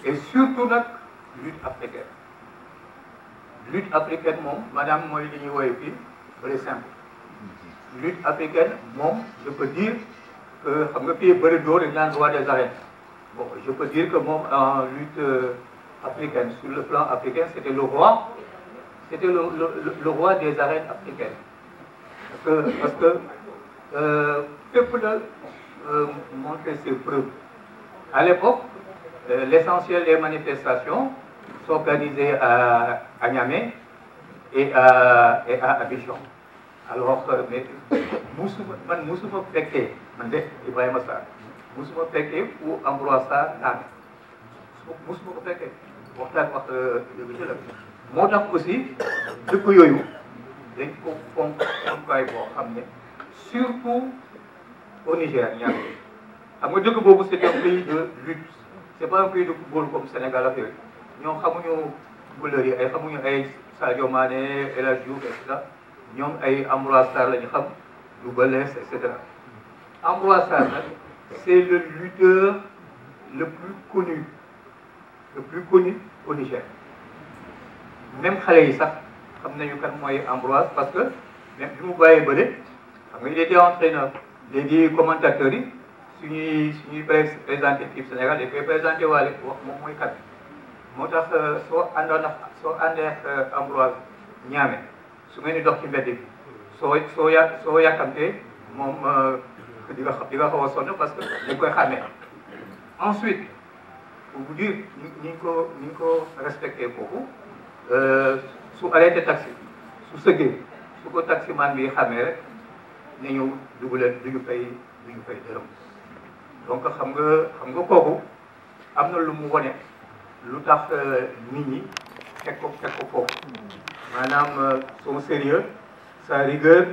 et surtout nag lutte africaine lutte africaine moom maanaam mooy li ñuy woowee fii bëri simple lutte africaine moom je peux dire que xam nga fii bëri dóor dañ des arènes je peux dire que moom en lutte africaine. Sur le plan africain, c'était le roi, c'était le, des arènes africaines. Parce que, parce que euh, Peuple euh, montrait ses preuves. À l'époque, euh, l'essentiel des manifestations s'organisaient à, à Niamey et à, et à Abidjan. mais musuma man musuma fekkee man de Ibrahima waxtaan wax monsieur la moo tax aussi dëkk yooyu dañ ko fonk fonkaay boo xam ne surtout au Niger ñaar xam nga dëkk boobu c'est un pays de lutte c'est pas un pays de football comme Sénégal ak yooyu ñoom xamuñu couleur yi ay xamuñu ay Sadio Mané El Hadji Diouf et cetera ñoom ay Ambroise Sarr la ñu xam Double Less et cetera Ambroise Sarr c'est le lutteur le plus connu le plus connu au Niger même xale yi sax xam nañu kan mooy Ambroise parce que même bi mu bàyyee bële xam nga il était entraîneur léegi commentateurs yi suñuy suñuy présenté équipe Sénégal dañ koy présenté waale wax moom mooy kat moo tax euh, soo àndoon ak soo àndee ak euh, Ambroise ñaame su ngeen di dox ci mbedd bi soo soo ya soo yàkkamtee moom euh, di nga di nga xaw a sonn parce que dañ koy xàmmee ensuite du ni ñu ko ni ñu ko respecté foofu euh, su arrêté taxi su sëggee su ko taximan bi xamee rek ne ñëw duguleen du ñu fay du ñu fay dërëm donc xam nga xam nga kooku am na lu mu wone lu tax euh, ni ñi teg ko teg ko foofu maanaam euh, son sérieux sa rigueur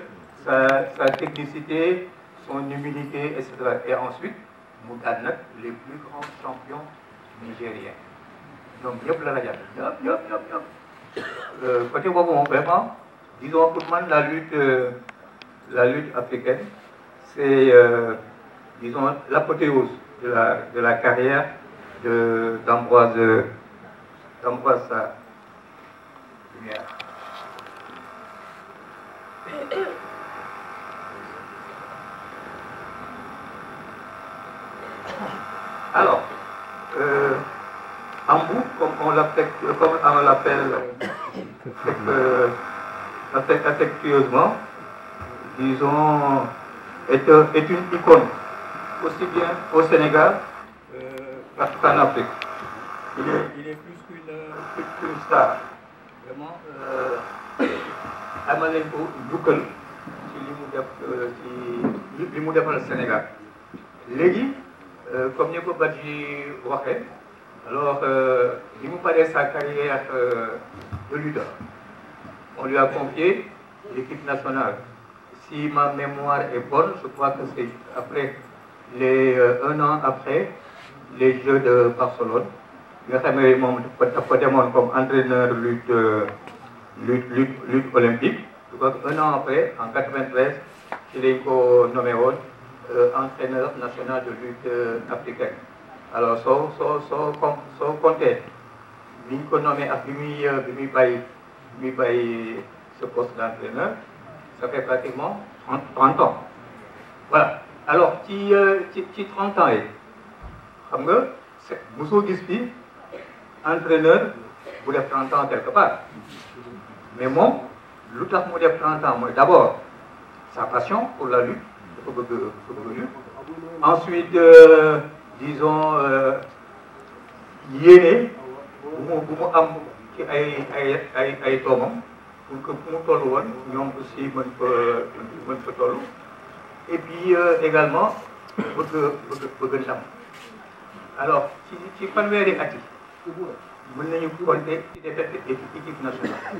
sa sa technicité son humilité et cetera et ensuite mu daan nag les plus grands champions nigérien ñoom ñëpp la la jàpp ñëpp ñëpp ñëpp ñëpp euh, côté boobu moom vraiment disons pour man la lutte euh, la lutte africaine c'est euh, disons l'apothéose de la de la carrière de d'Ambroise d'Ambroise Sarr Lumière alors euh, en boucle, comme on l'appelle euh, affectueusement, disons, est, euh, est, une icône, aussi bien au Sénégal euh, qu'en Afrique. Il est, il est plus qu'une qu star. Vraiment, euh, [COUGHS] Amaneko Boukel, qui lui le Sénégal. Légui, euh, comme nous l'avons dit, Alors, euh, il vous parlait euh, de On lui Si ma mémoire est bonne, je crois que c'est après, les, euh, un an après les Jeux de Barcelone. Je suis comme entraîneur lutte, euh, lutte, lutte, en 1993, il est nommé euh, entraîneur national de alors soo soo soo com soo compté biñ ko nommé ak bi muy euh, bi muy bàyyi bi muy bàyyi ce poste d'entraîneur ça fait pratiquement trente trente ans voilà alors ci euh, ci ci trente ans yi xam nga mosoo gis fii entraîneur bu def trente ans quelque part mais moom lu tax mu def trente ans mooy d'abord sa passion pour la lutte dafa bëgg dafa bëgg lutte ensuite. Euh, dison euh, yéene bu mu bu mu am ci ay ay ay ay doomam pour que bu mu toll woon ñoom aussi mën fa mën fa toll et puis euh, également bëgg bëgg bëgg ndam alors ci ci fanweeri at yi mën nañu compter ci défaite équipe nationale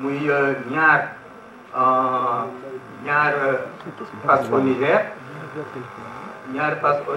muy euh, ñaar ñaar face au ñaar face au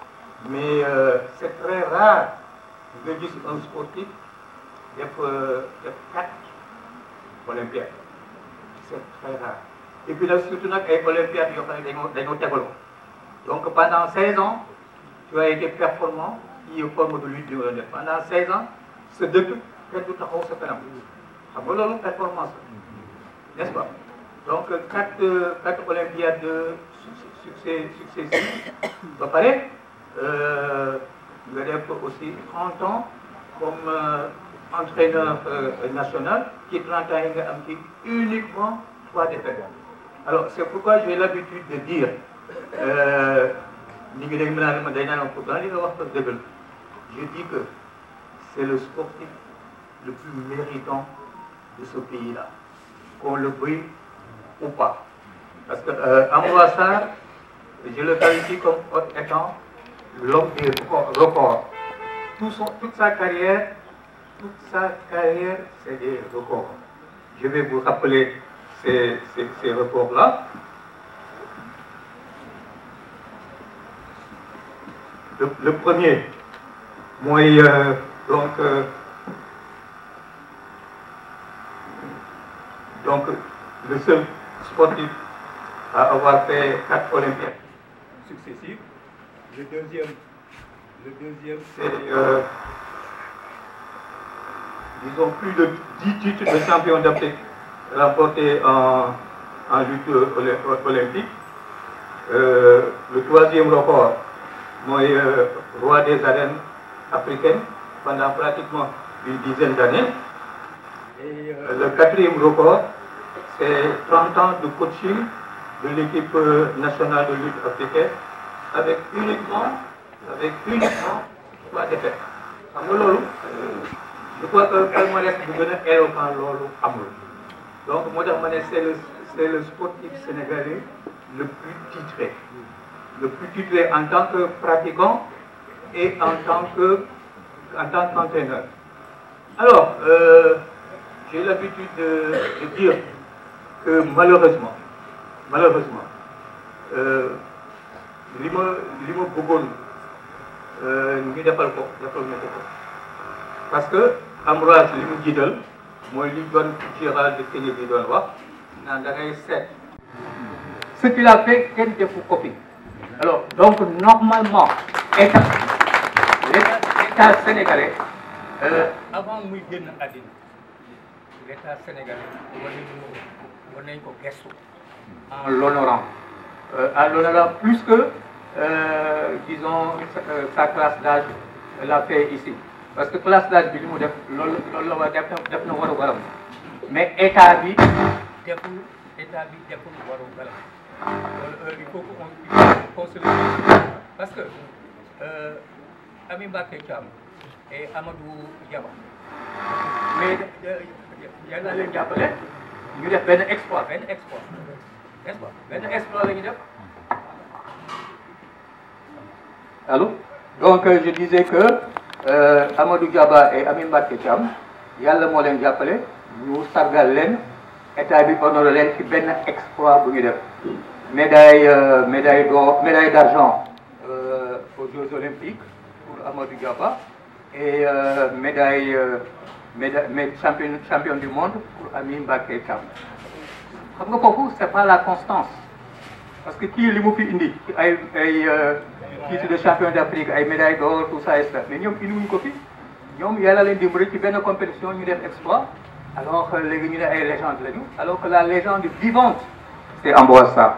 mais euh, c'est très rare nga gis un sportif def euh, def quatre olympiades c'est très rare et puis là surtout nag ay olympiades yoo xam ne dañoo donc pendant seize ans tu as été performant ci forme de lutte bi nga pendant ans sa dëkk kenn du taxaw sa kanam xam nga loolu performance n'est-ce pas donc quatre euh, quatre olympiades succès successifs ba pare nga euh, def aussi 30 ans comme euh, entraîneur euh, national ci 30 ans yi nga am ci uniquement trois défaites alors c'est pourquoi j'ai l'habitude de dire ni ngi dégg naa ne ma que c'est le sportif le plus méritant de ce pays-là qu'on le veuille ou pas parce que euh, Amoura Sarr je le qualifie comme étant l'homme des records. Tout son, toute sa carrière, toute sa carrière, c'est des records. Je vais vous rappeler ces, ces, records-là. Le, premier, moi, donc, le seul sportif avoir fait quatre Olympiades successives. Le deuxième, le deuxième c'est, euh, plus de 10 titres de champion d'Afrique remportés en, lutte olympique. Euh, le troisième record, mooy euh, roi des arènes africaines pendant pratiquement une dizaine d'années. Et euh, le quatrième record, c'est 30 ans de coaching de l'équipe nationale de lutte africaine. avec uniquement avec uniquement trois défaites xam nga loolu je crois que palmarès bu gën a éloquent loolu amul donc moo tax ma ne c'est le c'est sportif sénégalais le plus titré en tant que pratiquant et en tant que en tant qu'entraîneur alors euh, j'ai l'habitude de, dire que malheureusement euh, li ma li ma bëggoon euh, ñu defal ko defal ma ko parce que Ambroise li mu jiital mooy li doon Gérald de Kenya bi doon naan da ngay ce qu'il a fait kenn defu copie alors donc normalement état l'état sénégalais euh, avant muy génn àddina l'état sénégalais war ko gestu en l'honorant à l'honneur plus que, disons, sa classe d'âge l'a fait parce que classe d'âge bi li mu def loolu loolu la def na war waram mais état bi deful état bi deful waru waram loolu il faut qu'on se le parce que euh, Ami Mbacké Thiam et Amadou Diaba mais yal na leen jàppale ñu def benn exploit benn exploit n'est-ce pas exploit la ñu def allô donc euh, je disais que euh, Amadou Diaba et Amin Mbacké Thiam yàlla moo leen jàppale ñu sargal leen état bi honoré leen benn exploit bu ñu def médaille euh, médaille d'or médaille d'argent euh, aux Jeux Olympiques pour Amadou Diaba et euh, médaille euh, médaille champion champion du monde pour Amin Mbacké Thiam xam nga foofu c'est pas la constance parce que kii li mu fi indi ay ay euh, titre de champion d'Afrique ay médaille d'or tout ça et ça mais ñoom indiwuñu ko fi ñoom yàlla leen dimbali ci benn compétition ñu def exploit alors léegi ñu ne ay légende lañu alors que la légende vivante c'est Ambroise Sarr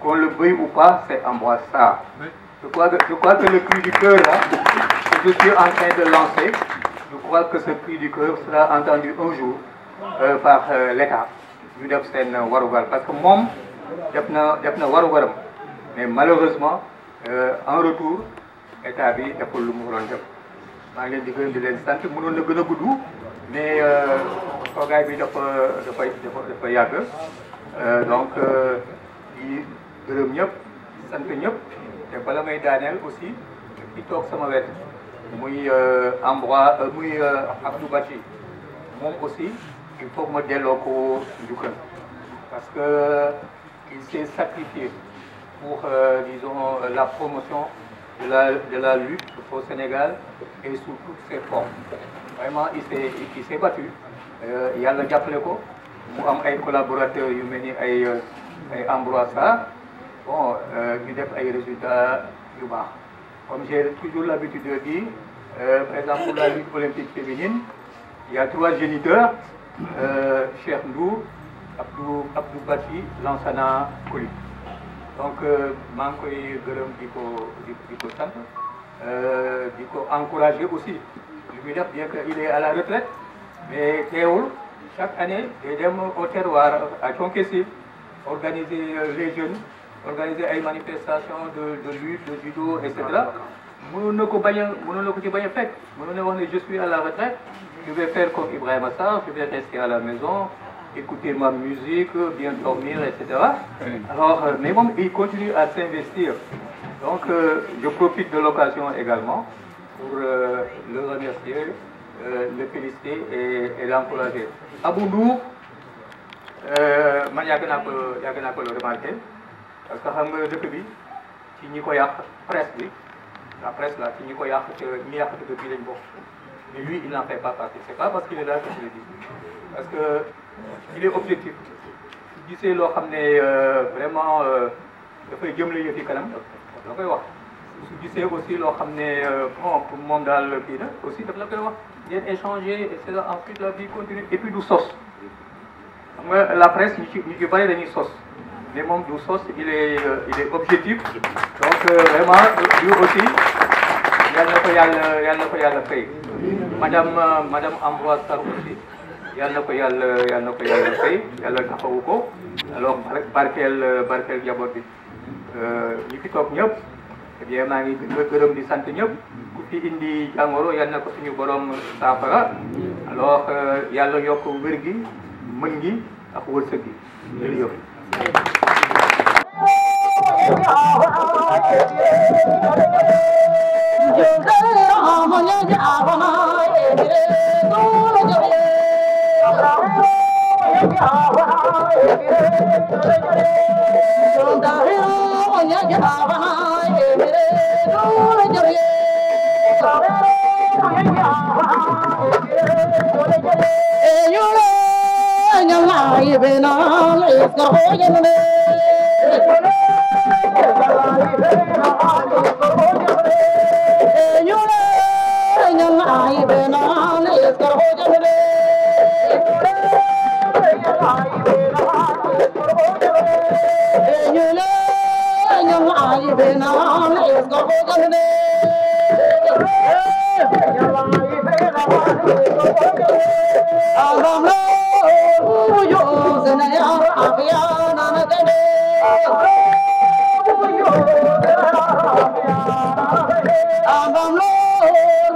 qu'on le veuille ou pas c'est Ambroise je crois que je crois que le cri du cœur là que je en train de lancer je crois que ce cri du cœur sera entendu un jour euh, par euh, l'État ñu def seen warugar parce que moom def na def na warugaram mais malheureusement euh, en retour état bi deful lu mu doon def maa ngi leen di gërëm di leen sant mënoon na gën a gudd mais euh, toogaay bi dafa dafa dafa dafa yàgg euh, donc di gërëm ñëpp sant ñëpp te bala may daaneel aussi ki toog sama wet muy Ambroise muy Abdou Bati moom aussi il faut que ma delloo ko njukkal parce que il s'est sacrifié pour euh, euh la promotion de la de lutte au Sénégal et sous toutes ses formes vraiment il s'est il s'est battu euh, yàlla jàppale ko mu am ay collaborateurs yu mel ni ay euh, ay Ambroise Sarr bon def ay résultats yu comme j'ai toujours l'habitude dire par exemple la lutte olympique féminine il y a trois géniteurs Euh, Cheikh Ndour Abdou Abdou Bassi Lansana Coly donc euh, maa ngi koy gërëm di ko di ko sant euh, di ko encouragé aussi li muy def bien que il est à la retraite mais teewul chaque année day dem au terroir à Thionckessi organiser les jeunes organiser ay manifestations de de lutte de judo et cetera mënoon na ko bañ a mënoon na ko ci bañ a fekk mënoon na wax ne je suis à la retraite je vais faire comme Ibrahim Assar, je vais rester à la maison, écouter ma musique, bien dormir, etc. Alors, euh, mais il continue à s'investir. Donc, euh, je profite de l'occasion également pour euh, le remercier, euh, le a et, et l'encourager. Euh, man yàgg naa ko yàgg naa parce que xam nga dëkk bi ci ñi ko yàq presse bi la presse la ci ñi ko yàq te ñi yàq dëkk bi lañ bokk. Mais lui, il n'en fait pas partie. C'est pas parce qu'il est là que je le dis. Parce que il est objectif. su gisee loo xam ne euh, vraiment euh, dafay jëmale yëf yi kanam da koy wax. su gisee aussi loo xam ne euh, bon moom daal kii na aussi daf la koy wax. ngeen échanger et c'est ensuite la vie continue et puis du sos. xam nga la presse ñu ci ñu ci bëri dañuy sos. mais moom du sos il est il est objectif. donc vraiment lui aussi yal na ko yàlla yal na ko yàlla fay. madame uh, madame Ambroise Sarr aussi yal na ko yàlla uh, yal ko yàlla fay yàlla taxawu ko alors barkeel barkeel njaboot bi ñi fi toog ñëpp eh bien maa ngi gërëm di sant ñëpp ku fi indi jàngoro yal ko suñu borom saafara alors yàlla yokk wér gi mën gi ak wërsëg gi jërëjëf Thank Oh, आई बेनान लेकर हो जगले आई बेनान लेकर हो जगले एंगले एंगल आई बेनान लेकर हो जगले आदम लो यो सनया आबिया नान दे आदम लो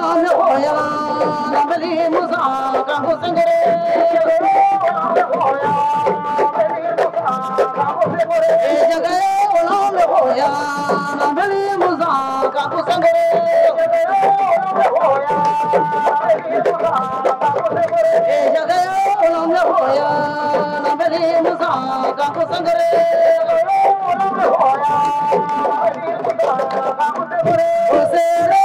loolu xooya rabali musa kanku singere loolu xooya rabali musa kanku singere e jagaye loolu xooya rabali musa kanku singere loolu xooya rabali musa kanku singere e jagaye loolu xooya rabali musa kanku singere loolu xooya rabali musa kanku singere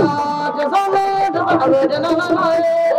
जसों में तुम अवेदन हमारे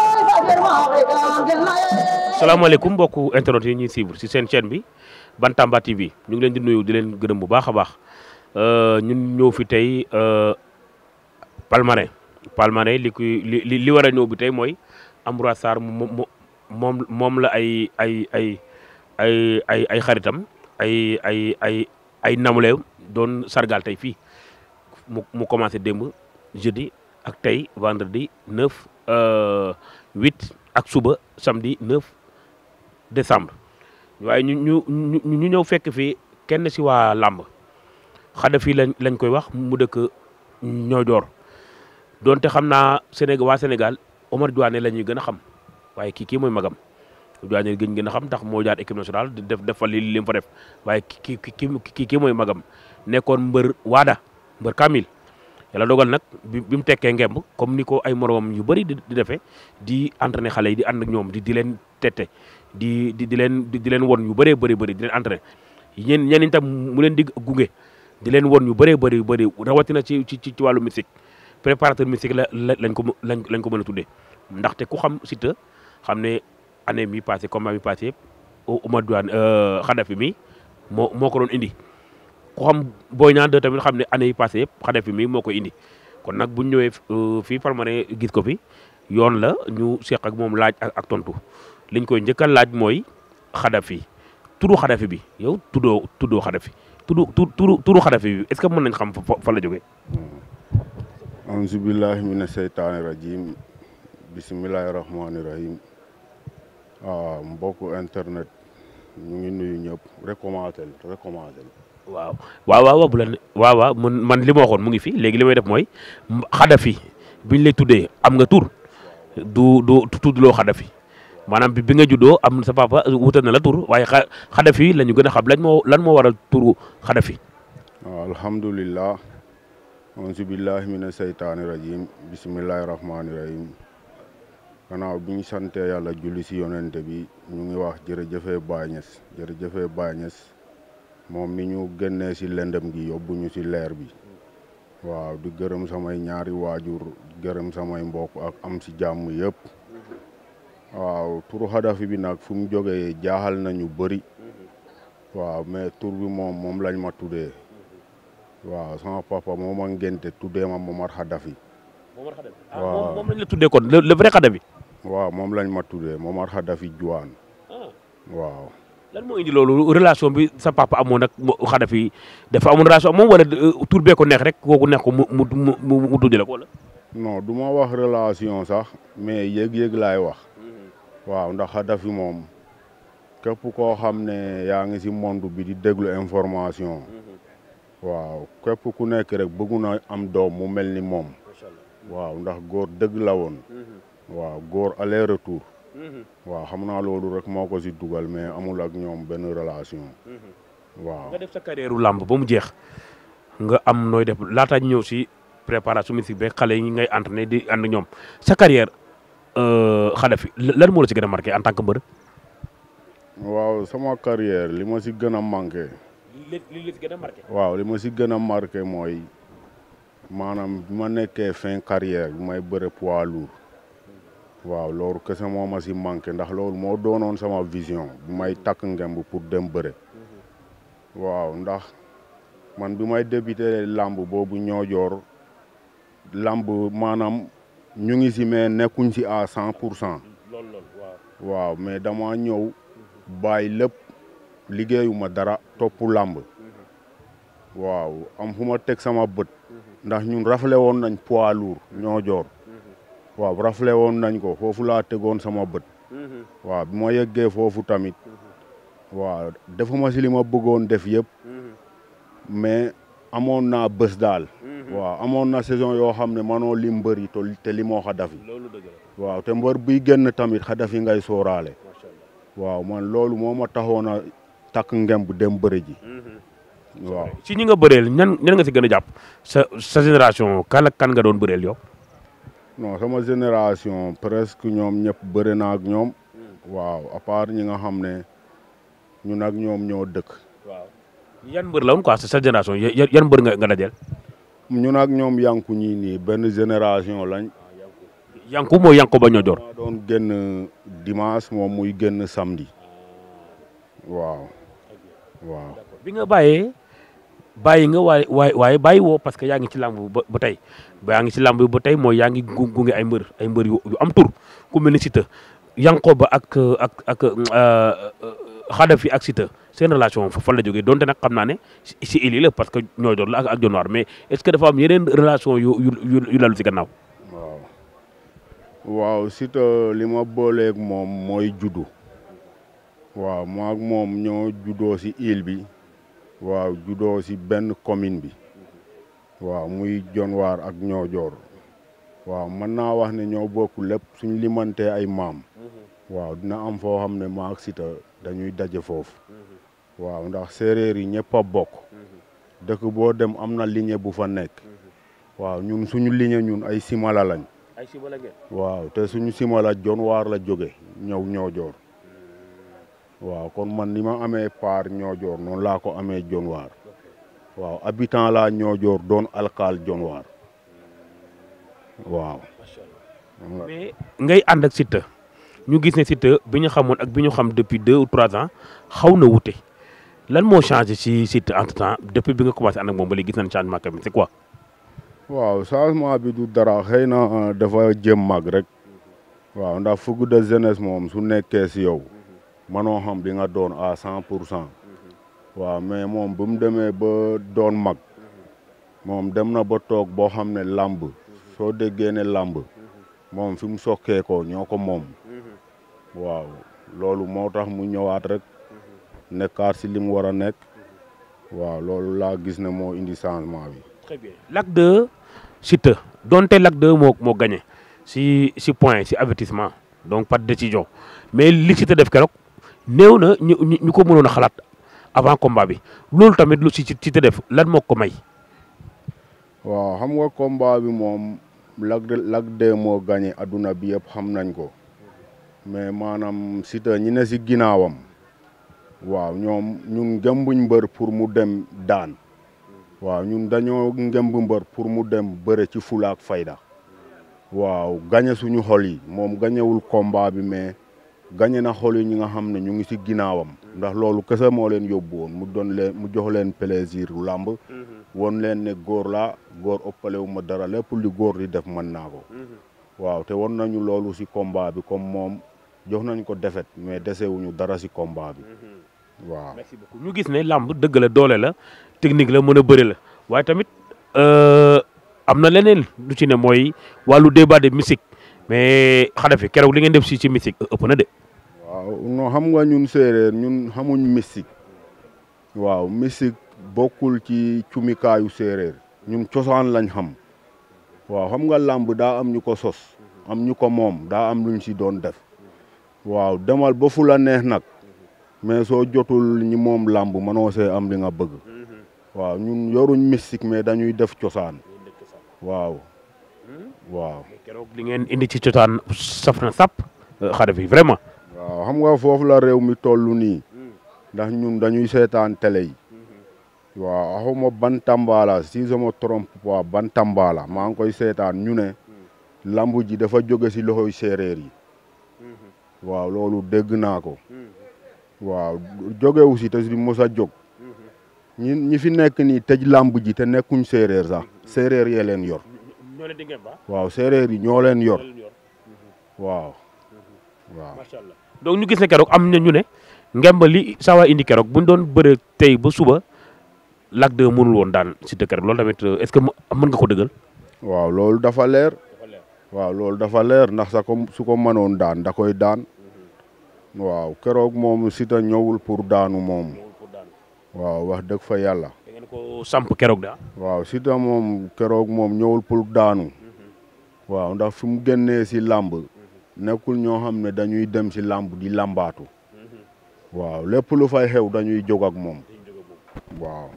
salaamaaleykum mbokku internet yi ñu suivre ci seen chaîne bi Bantamba TV ñu ngi leen di nuyu di leen gërëm bu baax a baax euh, ñun ñëw fi tey euh, Palmarin Palmarin li koy li li war a ñëw bi tey mooy Ambroise Sarr moom la ay ay ay ay ay xaritam ay ay ay ay namuleew doon sargal tey fii mu mu commencé démb jeudi ak tey vendredi 9. 8 ak suba samedi 9 décembre waaye ñu ñu ñu ñu ñëw fekk fii kenn si waa làmb xada fii lañ lañ koy wax mu dëkk ñoo joor donte xam naa Sénégal waa Sénégal Omar Diouane la ñuy gën a xam waaye kii kii mooy magam Diouane gën gën a xam ndax moo jaar équipe nationale def defal li li fa def waaye kii kii kii kii mooy magam nekkoon mbër waada mbër Kamil. yàlla dogal nag bi mu tekkee ngem comme ni ko ay moroom yu bëri di di defee di entraîné xale yi di ànd ñoom di di leen tette di di di leen di leen won yu bëree bëri bari di leen entraîné ñeen ñeneen mu leen di gunge di leen won yu bëree bëri bëri rawatina ci ci ci wàllu mystique préparateur mystique la lañ ko lañ lañ ko mën a tuddee ndaxte ku xam Siteu xam ne année mi passé combat mi passé Oumar Diagne Xadafi euh, mi moo moo ko doon indi ku xam Boy Niang 2 tamit xam ne année yi passé yëpp xale fi mii moo ko indi kon nag bu ñu ñëwee euh, fii Palmarin gis ko fi yoon la ñu seq ak moom laaj ak tontu liñ koy njëkk laaj mooy xada Xadafi turu Xadafi bi yow tuddoo tuddoo fi turu turu turu Xadafi bi est-ce que mën nañ xam fa la jógee. auzu billahi mina seytaani rajim bismillahi rahmaani rahim waaw ah, internet ñu ngi nuyu ñëpp recommander waaw waaw waaw bu la waaw waaw man man li mu ngi fi léegi li may def mooy xadafi biñ lay tuddee am nga tuur du du loo xadafi maanaam bi bi nga juddoo am sa papa wutal na la tur waaye xa xadafi lañu ñu gën a xam lañ moo lan moo waral turu xadafi. waaw alhamdulilah. auzu billahi mina seytaani rajim bismillahi rahmaani rahim gannaaw bi ñu sante yàlla julli si yonente bi ñu ngi wax jërëjëfee Baay Ñas moom mi ñu génnee ci lëndëm gi yóbbu ñu ci leer bi waaw di gërëm samay ñaari waajur gërëm samay mbokk ak am ci jàmm yëpp waaw turu Hadafi bi nag fu joge jaaxal na ñu bëri waaw mais tur bi moom moom lañ ma tuddee waaw sama papa moo ma ngénte tuddee ma Momar Hadafi ah, waaw moom lañ la tuddee kon le vrai Hadafi waaw moom lañ ma tuddee Momar Hadafi Juwaan ah. waaw lan moo indi loolu relation bi sa papa amoon ak Xadafi dafa amoon relation moom wala euh, tur bee ko neex rek kooku neex ko mu mu mu mu tudd la ko wala. du ma wax relation sax mais yëg-yëg laay wax. Mm-hmm. waaw ndax Xadafi moom képp koo xam ne yaa ngi si monde bi di déglu information. Mm-hmm. waaw képp ku nekk rek bëggu na am doom mu mel ni moom. waaw ndax góor dëgg la woon. Mm-hmm. waaw góor aller retour. waaw xam naa loolu rek moo ko si dugal mais amul ak ñoom benn relation. waaw nga làmb ba mu jeex nga am nooy def laata ñëw si préparation mystique beeg xale yi ngay entraîné di ànd ñoom sa carrière euh, xale fi lan moo la si gën a marqué en tant que mbër. waaw sama carrière li ma si gën a manqué. waaw li ma si gën a marqué mooy maanaam bi ma nekkee fin carrière bi may bëre poids lourd. waaw loolu kese moo ma si manqué ndax loolu moo doonoon sama vision bu may takk ngemb pour dem bëre. waaw ndax man bi may débuté làmb boobu ñoo joor làmb maanaam ñu ngi si mais nekkuñ si à cent pour cent. lool lool waaw. waaw mais dama ñëw bàyyi lépp liggéeyuma dara topp làmb. waaw am fu ma teg sama bët. ndax ñun rafle woon nañ poids lourd ñoo joor waaw rafle woon nañ ko foofu laa tegoon sama bët. Mhm. waaw bi ma yeggee foofu tamit. Mhm. waaw defuma si li ma bëggoon def yëpp. Mhm. mais amoon naa bés daal. waaw amoon na saison yoo xam ne manoo lim mbër yi te limoo xadafi. waaw te mbër buy génn tamit xadafi ngay sooraale waaw man loolu moo ma taxoon a takk ngemb dem bëri ji. waaw si ñi nga bëreel ñan ñan nga si gën a jàpp sa sa génération kan ak nga doon bëreel yow. non sama génération presque ñoom ñëpp bëri na ak ñoom. Hmm. waaw à part ñi nga xam ne ñun nag ñoom ñoo dëkk. waaw yan mbër la woon quoi sa génération yan mbër nga nga dajeel. ñu ak ñoom yanku ñi nii benn génération lañ. Ah, yanku mooy yanku ba ñoo jor maa doon moom muy génn samedi. Ah. waaw. waaw bàyyi nga waaye waaye waaye bàyyi woo parce que yaa ngi ci làmb ba ba tey yaa ngi ci làmb ba tey mooy yaa ngi gunge ay ay mbër yu am tur ku mel ni Siteu Yankoba ak ak ak Xadafi euh, ak Siteu seen relation foofu la jógee donte nag xam naa ne si ili la parce que ñooy doon la ak ak jonwaar mais est-ce que dafa am yeneen relation yu yu yu lalu si gannaaw. waaw waaw Siteu li ma moom mooy juddu waaw moo moom ñoo juddoo si il bi. waaw juddoo si benn commune bi waaw muy Dionewar ak ñoojoor waaw mën naa wax ne ñoo bokk lépp suñ limantee ay maam waaw dina am foo xam ne maa ak dañuy daje foofu waaw ndax séeréer yi ñëpp a dëkk boo dem am na lignée bu fa nekk waaw ñun suñu lignée ñun ay simala lañ ay simala ngeen waaw te suñu simala waar la jóge ñëw Niodior waaw kon man ni ma amee paar ñoojoor noonu laa ko amee jonwaar waaw habitant laa ñoojoor doon alkaal jonwaar waaw. ngay ànd ak Siteu ñu gis ne Siteu bi ñu xamoon ak bi ñu xam depuis deux ou trois ans xaw na wute lan moo change si Siteu entre temps depuis bi nga commencé ànd ak moom ba léegi gis nañ changement bi c'est quoi. waaw changement bi du dara xëy na dafa jëm mag rek waaw ndax fougue de jeunesse moom su nekkee si yow. manoo xam di nga doon à cent pour cent waaw mais moom bu mu demee ba doon mag moom dem na ba toog boo xam ne làmb soo déggee ne làmb moom fi mu sokkee ko ñoo ko moom waaw loolu moo tax mu ñëwaat rek nekkaat si li mu war nekk waaw loolu laa gis ne moo indi changement bi. très bien Lac 2 Siteu donte Lac 2 moo moo gagné si si point si avertissement donc par jo mais li Siteu def keroog néew na ñu ko mënoon a xalaat avant combat bi loolu tamit lu si ci ci def lan moo ko may. waaw xam nga combat bi moom Lac Lac 2 moo gagné adduna bi yëpp xam nañ ko mais maanaam Siteu ñi ne si ginnaawam waaw ñoom ñun ngëmbuñ mbër pour mu dem daan waaw ñun dañoo ngëmb mbër pour mu dem bëre ci fula ak fayda waaw gagné suñu xol yi moom gagnéwul combat bi mais. gañe na xol yi ñi nga xam ne ñu ngi si ginnaawam ndax loolu kese moo leen yóbbu woon mu doon leen mu jox leen plaisir làmb mm-hmm. woon leen ne góor laa góor ëppalewu ma dara lépp di góor di def mën naa ko mm-hmm. waaw te won nañu loolu si combat bi comme moom jox nañ ko defet mais dese desewuñu dara si combat bi mm-hmm. waaw merci beaucoup ñu gis ne làmb dëgg la doole la technique la mën a bëri la waaye tamit euh, am na leneen lu ci ne mooy wàllu débat de musique mais Xadafi keroog li ngeen def si ci mystique ëpp na de. waaw non xam nga ñun séeréer ñun xamuñ mystique waaw mystique bokkul ci cumikaayu séeréer ñun cosaan lañ xam waaw xam nga làmb daa am ñu ko sos am ñu ko moom daa am luñ si doon def waaw demal ba fu la neex nag mais soo jotul ñi moom làmb mënoo see am li nga bëgg mm-hmm. waaw ñun yoruñ mystique mais dañuy def cosaan waaw waaw keroog li ngeen indi ci cosaan saf na sàpp euh, xada fi vraiment. waaw xam nga foofu la réew mi toll nii. ndax ñun dañuy seetaan télé yi. waaw waxuma Bantambala si je me trompe pas Bantambala maa ngi koy seetaan ñu ne. lambu ji dafa jóge si loxoy séeréer yi. waaw loolu dégg naa ko. waaw jógewu si te si mos a ñi fi nekk nii tej lamb ji te nekkuñ séeréer sax séeréer yee leen yor. ñoo di ngeen ba. waaw séeréer yi ñoo leen yor. waaw. waaw macha allah donc ñu gis ne keroog am na ñu ne ngemba li sawa indi keroog bu ñu doon bëre tey ba suba Lac 2 mënul woon daan Siteu keroog lool tamit euh, est-ce que mën nga ko dëggal. waaw loolu dafa leer. waaw loolu dafa leer ndax sa ko su ko mënoon daan da koy daan. Mm-hmm. waaw keroog moom Siteu ñëwul pour daanu moom. waaw wax dëgg fa yàlla. ko samp keroog daa. waaw Siteu moom keroog moom ñowul pour daanu. waaw ndax fi mu génnee si làmb. nekkul ñoo xam ne dañuy dem si làmb di làmbaatu. waaw lépp lu fay xew dañuy jóg ak moom. waaw.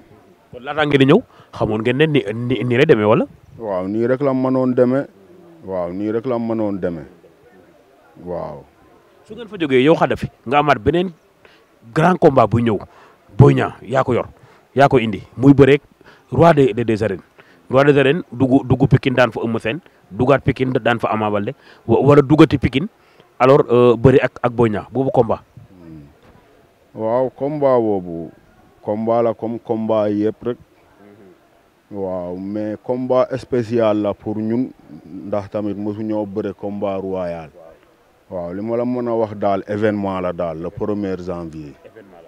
kon laata ngeen di ñëw xamoon ngeen ne ni nii rek demee wala. waaw nii rek la mënoon deme waaw nii rek la mënoon demee. waaw. su ngeen fa jógee yow Xadafi nga amaat beneen grand combat bu ñëw Boy Niang yaa yor. yaa ko indi muy bëreeg roi des des arènes roi des arènes dugg dugg daan fa Eumeu Sène dugaat Pikine daan fa Ama Baldé wala duggati Pikine alors euh, bëri ak ak Boy Niang boobu combat. Hmm. waaw combat boobu combat la comme combat yëpp rek mhm. waaw mais combat spécial la pour ñun ndax tamit mosu ñoo bëre combat royal waaw li ma mën a wax daal événement la daal le premier janvier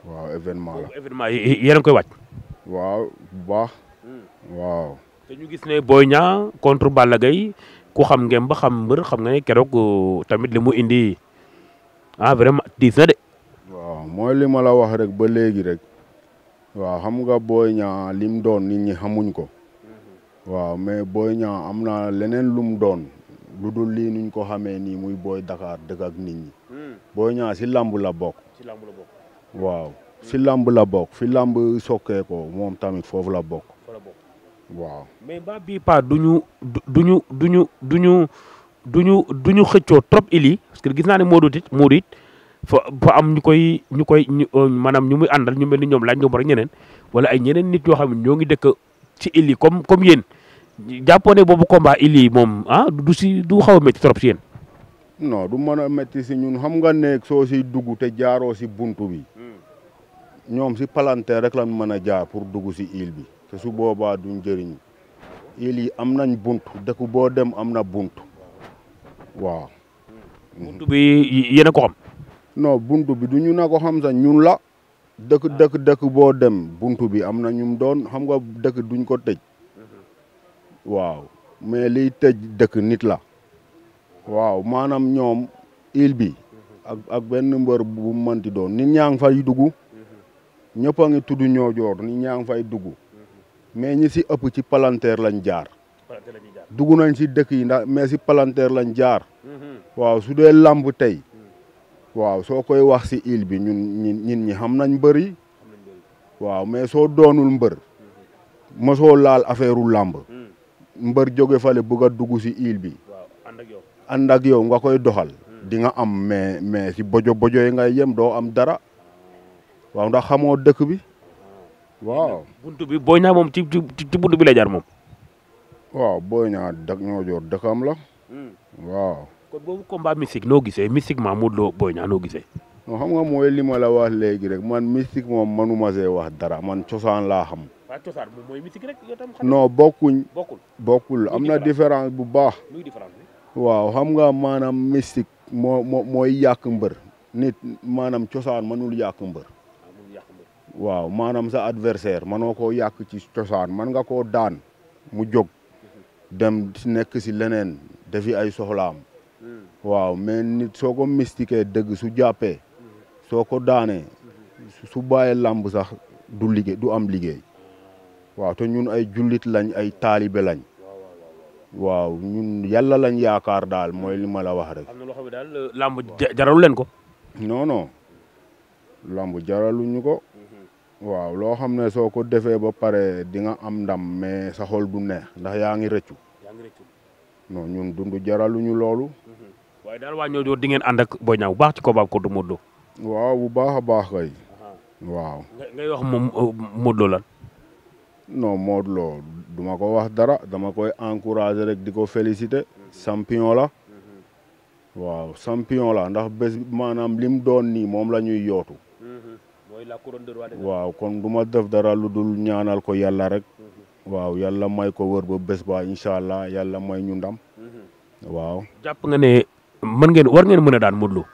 waaw koy wàcc. waaw bu baax. Hmm. waaw. te ñu gis ne Boy Niang contre Balla Gaye ku xam ngeen ba xam mbër xam nga ne keroog uh, tamit li mu indi ah vraiment diis na de. waaw mooy li ma la wax rek ba léegi rek waaw xam nga Boy Niang lim doon nit ñi xamuñ ko. Hmm. waaw mais Boy Niang am na leneen lum doon lu dul lii nuñ ko xamee nii muy Boy Dakar dëkk ak nit ñi. Hmm. Boy ñaa si lamb la bok si lamb la waaw. fi làmb la bokk fi lamb sokkee ko moom tamit foofu la bokk. waaw. mais ba bii pas du ñu du ñu du ñu du ñu xëccoo trop ili parce que gis naa ne Modou it Modou it fa am ñu koy ñu koy ñu euh, maanaam ñu muy àndal ñu mel ni ñoom laaj ñoom rek ñeneen wala ay ñeneen nit ñoo xam ne ñoo ngi dëkk ci ili comme comme yéen jàppoo ne boobu combat ili moom ah du si du xaw a métti trop si du mën a métti si ñun xam nga ne soo siy dugg te jaaroo si bunt bi. Hmm. ñoom si palanteer rek lañ mën a jaar pour dugg si île bi te su boobaa duñ jëriñ île yi am nañ bunt dëkk boo dem am na bunt waaw. bunt bi yéen a ko xam. bunt bi du ñu na ko xam sax ñun la. dëkk dëkk dëkk boo dem bunt bi am na ñum doon xam nga dëkk duñ ko tëj waaw mais li tëj dëkk nit la waaw maanaam ñoom île bi ak ak benn mbër bu mu mënti doon nit ñaa fa fay dugg ñëpp a ngi tudd ñoojoor ni ñaa ngi fay dugg mais ñi si ëpp ci palanteer lañ jaar dugg nañ si dëkk yi ndax mais si palanteer lañ jaar mhm. waaw su dee làmb tey mhm. waaw soo koy wax si île bi ñun ñun ñi xam nañ mbër yi waaw mais soo doonul mbër mhm. mosoo laal affaireu làmb mbër jóge fale bëgg a dugg si île bi ànd ak yow nga koy doxal di nga am mais mais si bojo bojo yi ngay yem doo am dara waaw ndax xamoo dëkk bi waaw. buntu bi booy ñaa moom ci buntu bi lay jaar moom. waaw booy ñaa dëkk ñoo la. Hmm. waaw. kon boobu noo gisee mystiquement Modou Lo noo gisee. xam nga mooy li ma la wax léegi rek man mystique moom manuma see wax dara man cosaan laa xam. waaw cosaan moom mooy mystique bokkuñ. bokkul am na différence bu baax. waaw xam nga maanaam mystique moo mooy yàq mbër nit maanaam cosaan mënul yàq mbër. waaw maanaam sa adversaire manoo koo yàq ci cosaan man nga koo daan mu jóg dem nekk si leneen dafi ay soxlaam hmm. waaw mais nit soo ko mystiqué dëgg su jàppee soo ko daanee su bàyyee làmb sax du liggéey du am liggéey waaw te ñun ay jullit lañ ay taalibe lañ waaw ñun yàlla lañ yaakaar daal mooy li ma la wax rek. am na loo daal làmb jaralu leen ko. non non làmb jaraluñu ko. waaw loo xam ne soo ko defee ba pare di nga am ndam mais sa xol du neex ndax yaa ngi rëccu. yaa ngi rëccu non ñun dund jaraluñu loolu. Mhm. waaye daal waa ñoo di ngeen ànd ak Boy Niang bu baax ci combat bi contre Modou waaw bu baax a baax kay. waaw. ngay wax moom euh, Modou Lo du ma ko wax dara dama koy encourager rek di ko féliciter. Mhm. champion la. Mhm. waaw champion la ndax bés maanaam lim doon nii moom la ñuy yootu. mooy la waaw kon du ma def dara lu dul ñaanal ko yàlla rek. Mm-hmm. waaw yàlla may ko wër ba bés ba incha allah yàlla may ñu mm-hmm. waaw. jàpp nga ne mën ngeen war ngeen mën a daan Modou Lo.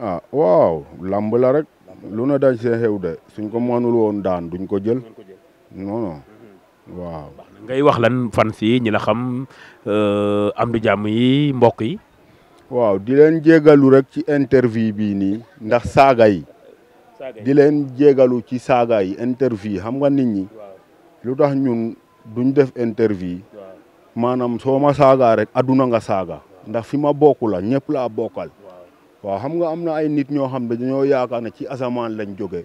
ah waaw làmb rek. Mm-hmm. lu na dañ see xew de suñ ko mënul woon daan duñ ko jël. non non waaw. ngay wax lan fan si ñi la xam euh, am du jàmm yi mbokk yi. waaw di leen jégalu rek ci interview bii nii ndax saaga yi. di leen jégalu ci saaga yi interview xam nga nit ñi lu tax ñun duñ def interview maanaam soo ma saaga rek adduna nga saaga ndax fi ma bokku la ñëpp laa bokkal waaw xam nga am na ay nit ñoo xam ne ñoo yaakaar ne ci asamaan lañ joge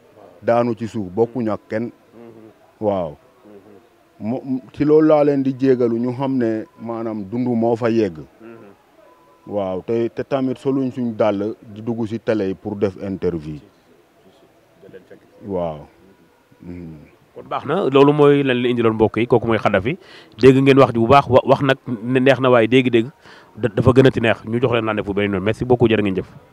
daanu ci suuf bokkuñ ak kenn mm-hmm. waaw mm-hmm. ci loolu laa leen di jégalu ñu xam ne maanaam dund moo fa yegg mm-hmm. waaw te te tamit soluñ suñ dàll di dugg si télé yi pour def interview waaw. Hmm. kon baax na loolu mooy lan la indiloon mbokk yi kooku mooy Xadafi dégg ngeen wax ji bu baax wax nag neex na waaye dégg-dégg dafa gën ti neex ñu jox leen rendez-vous beneen yoon merci beaucoup jërë ngeen jëf.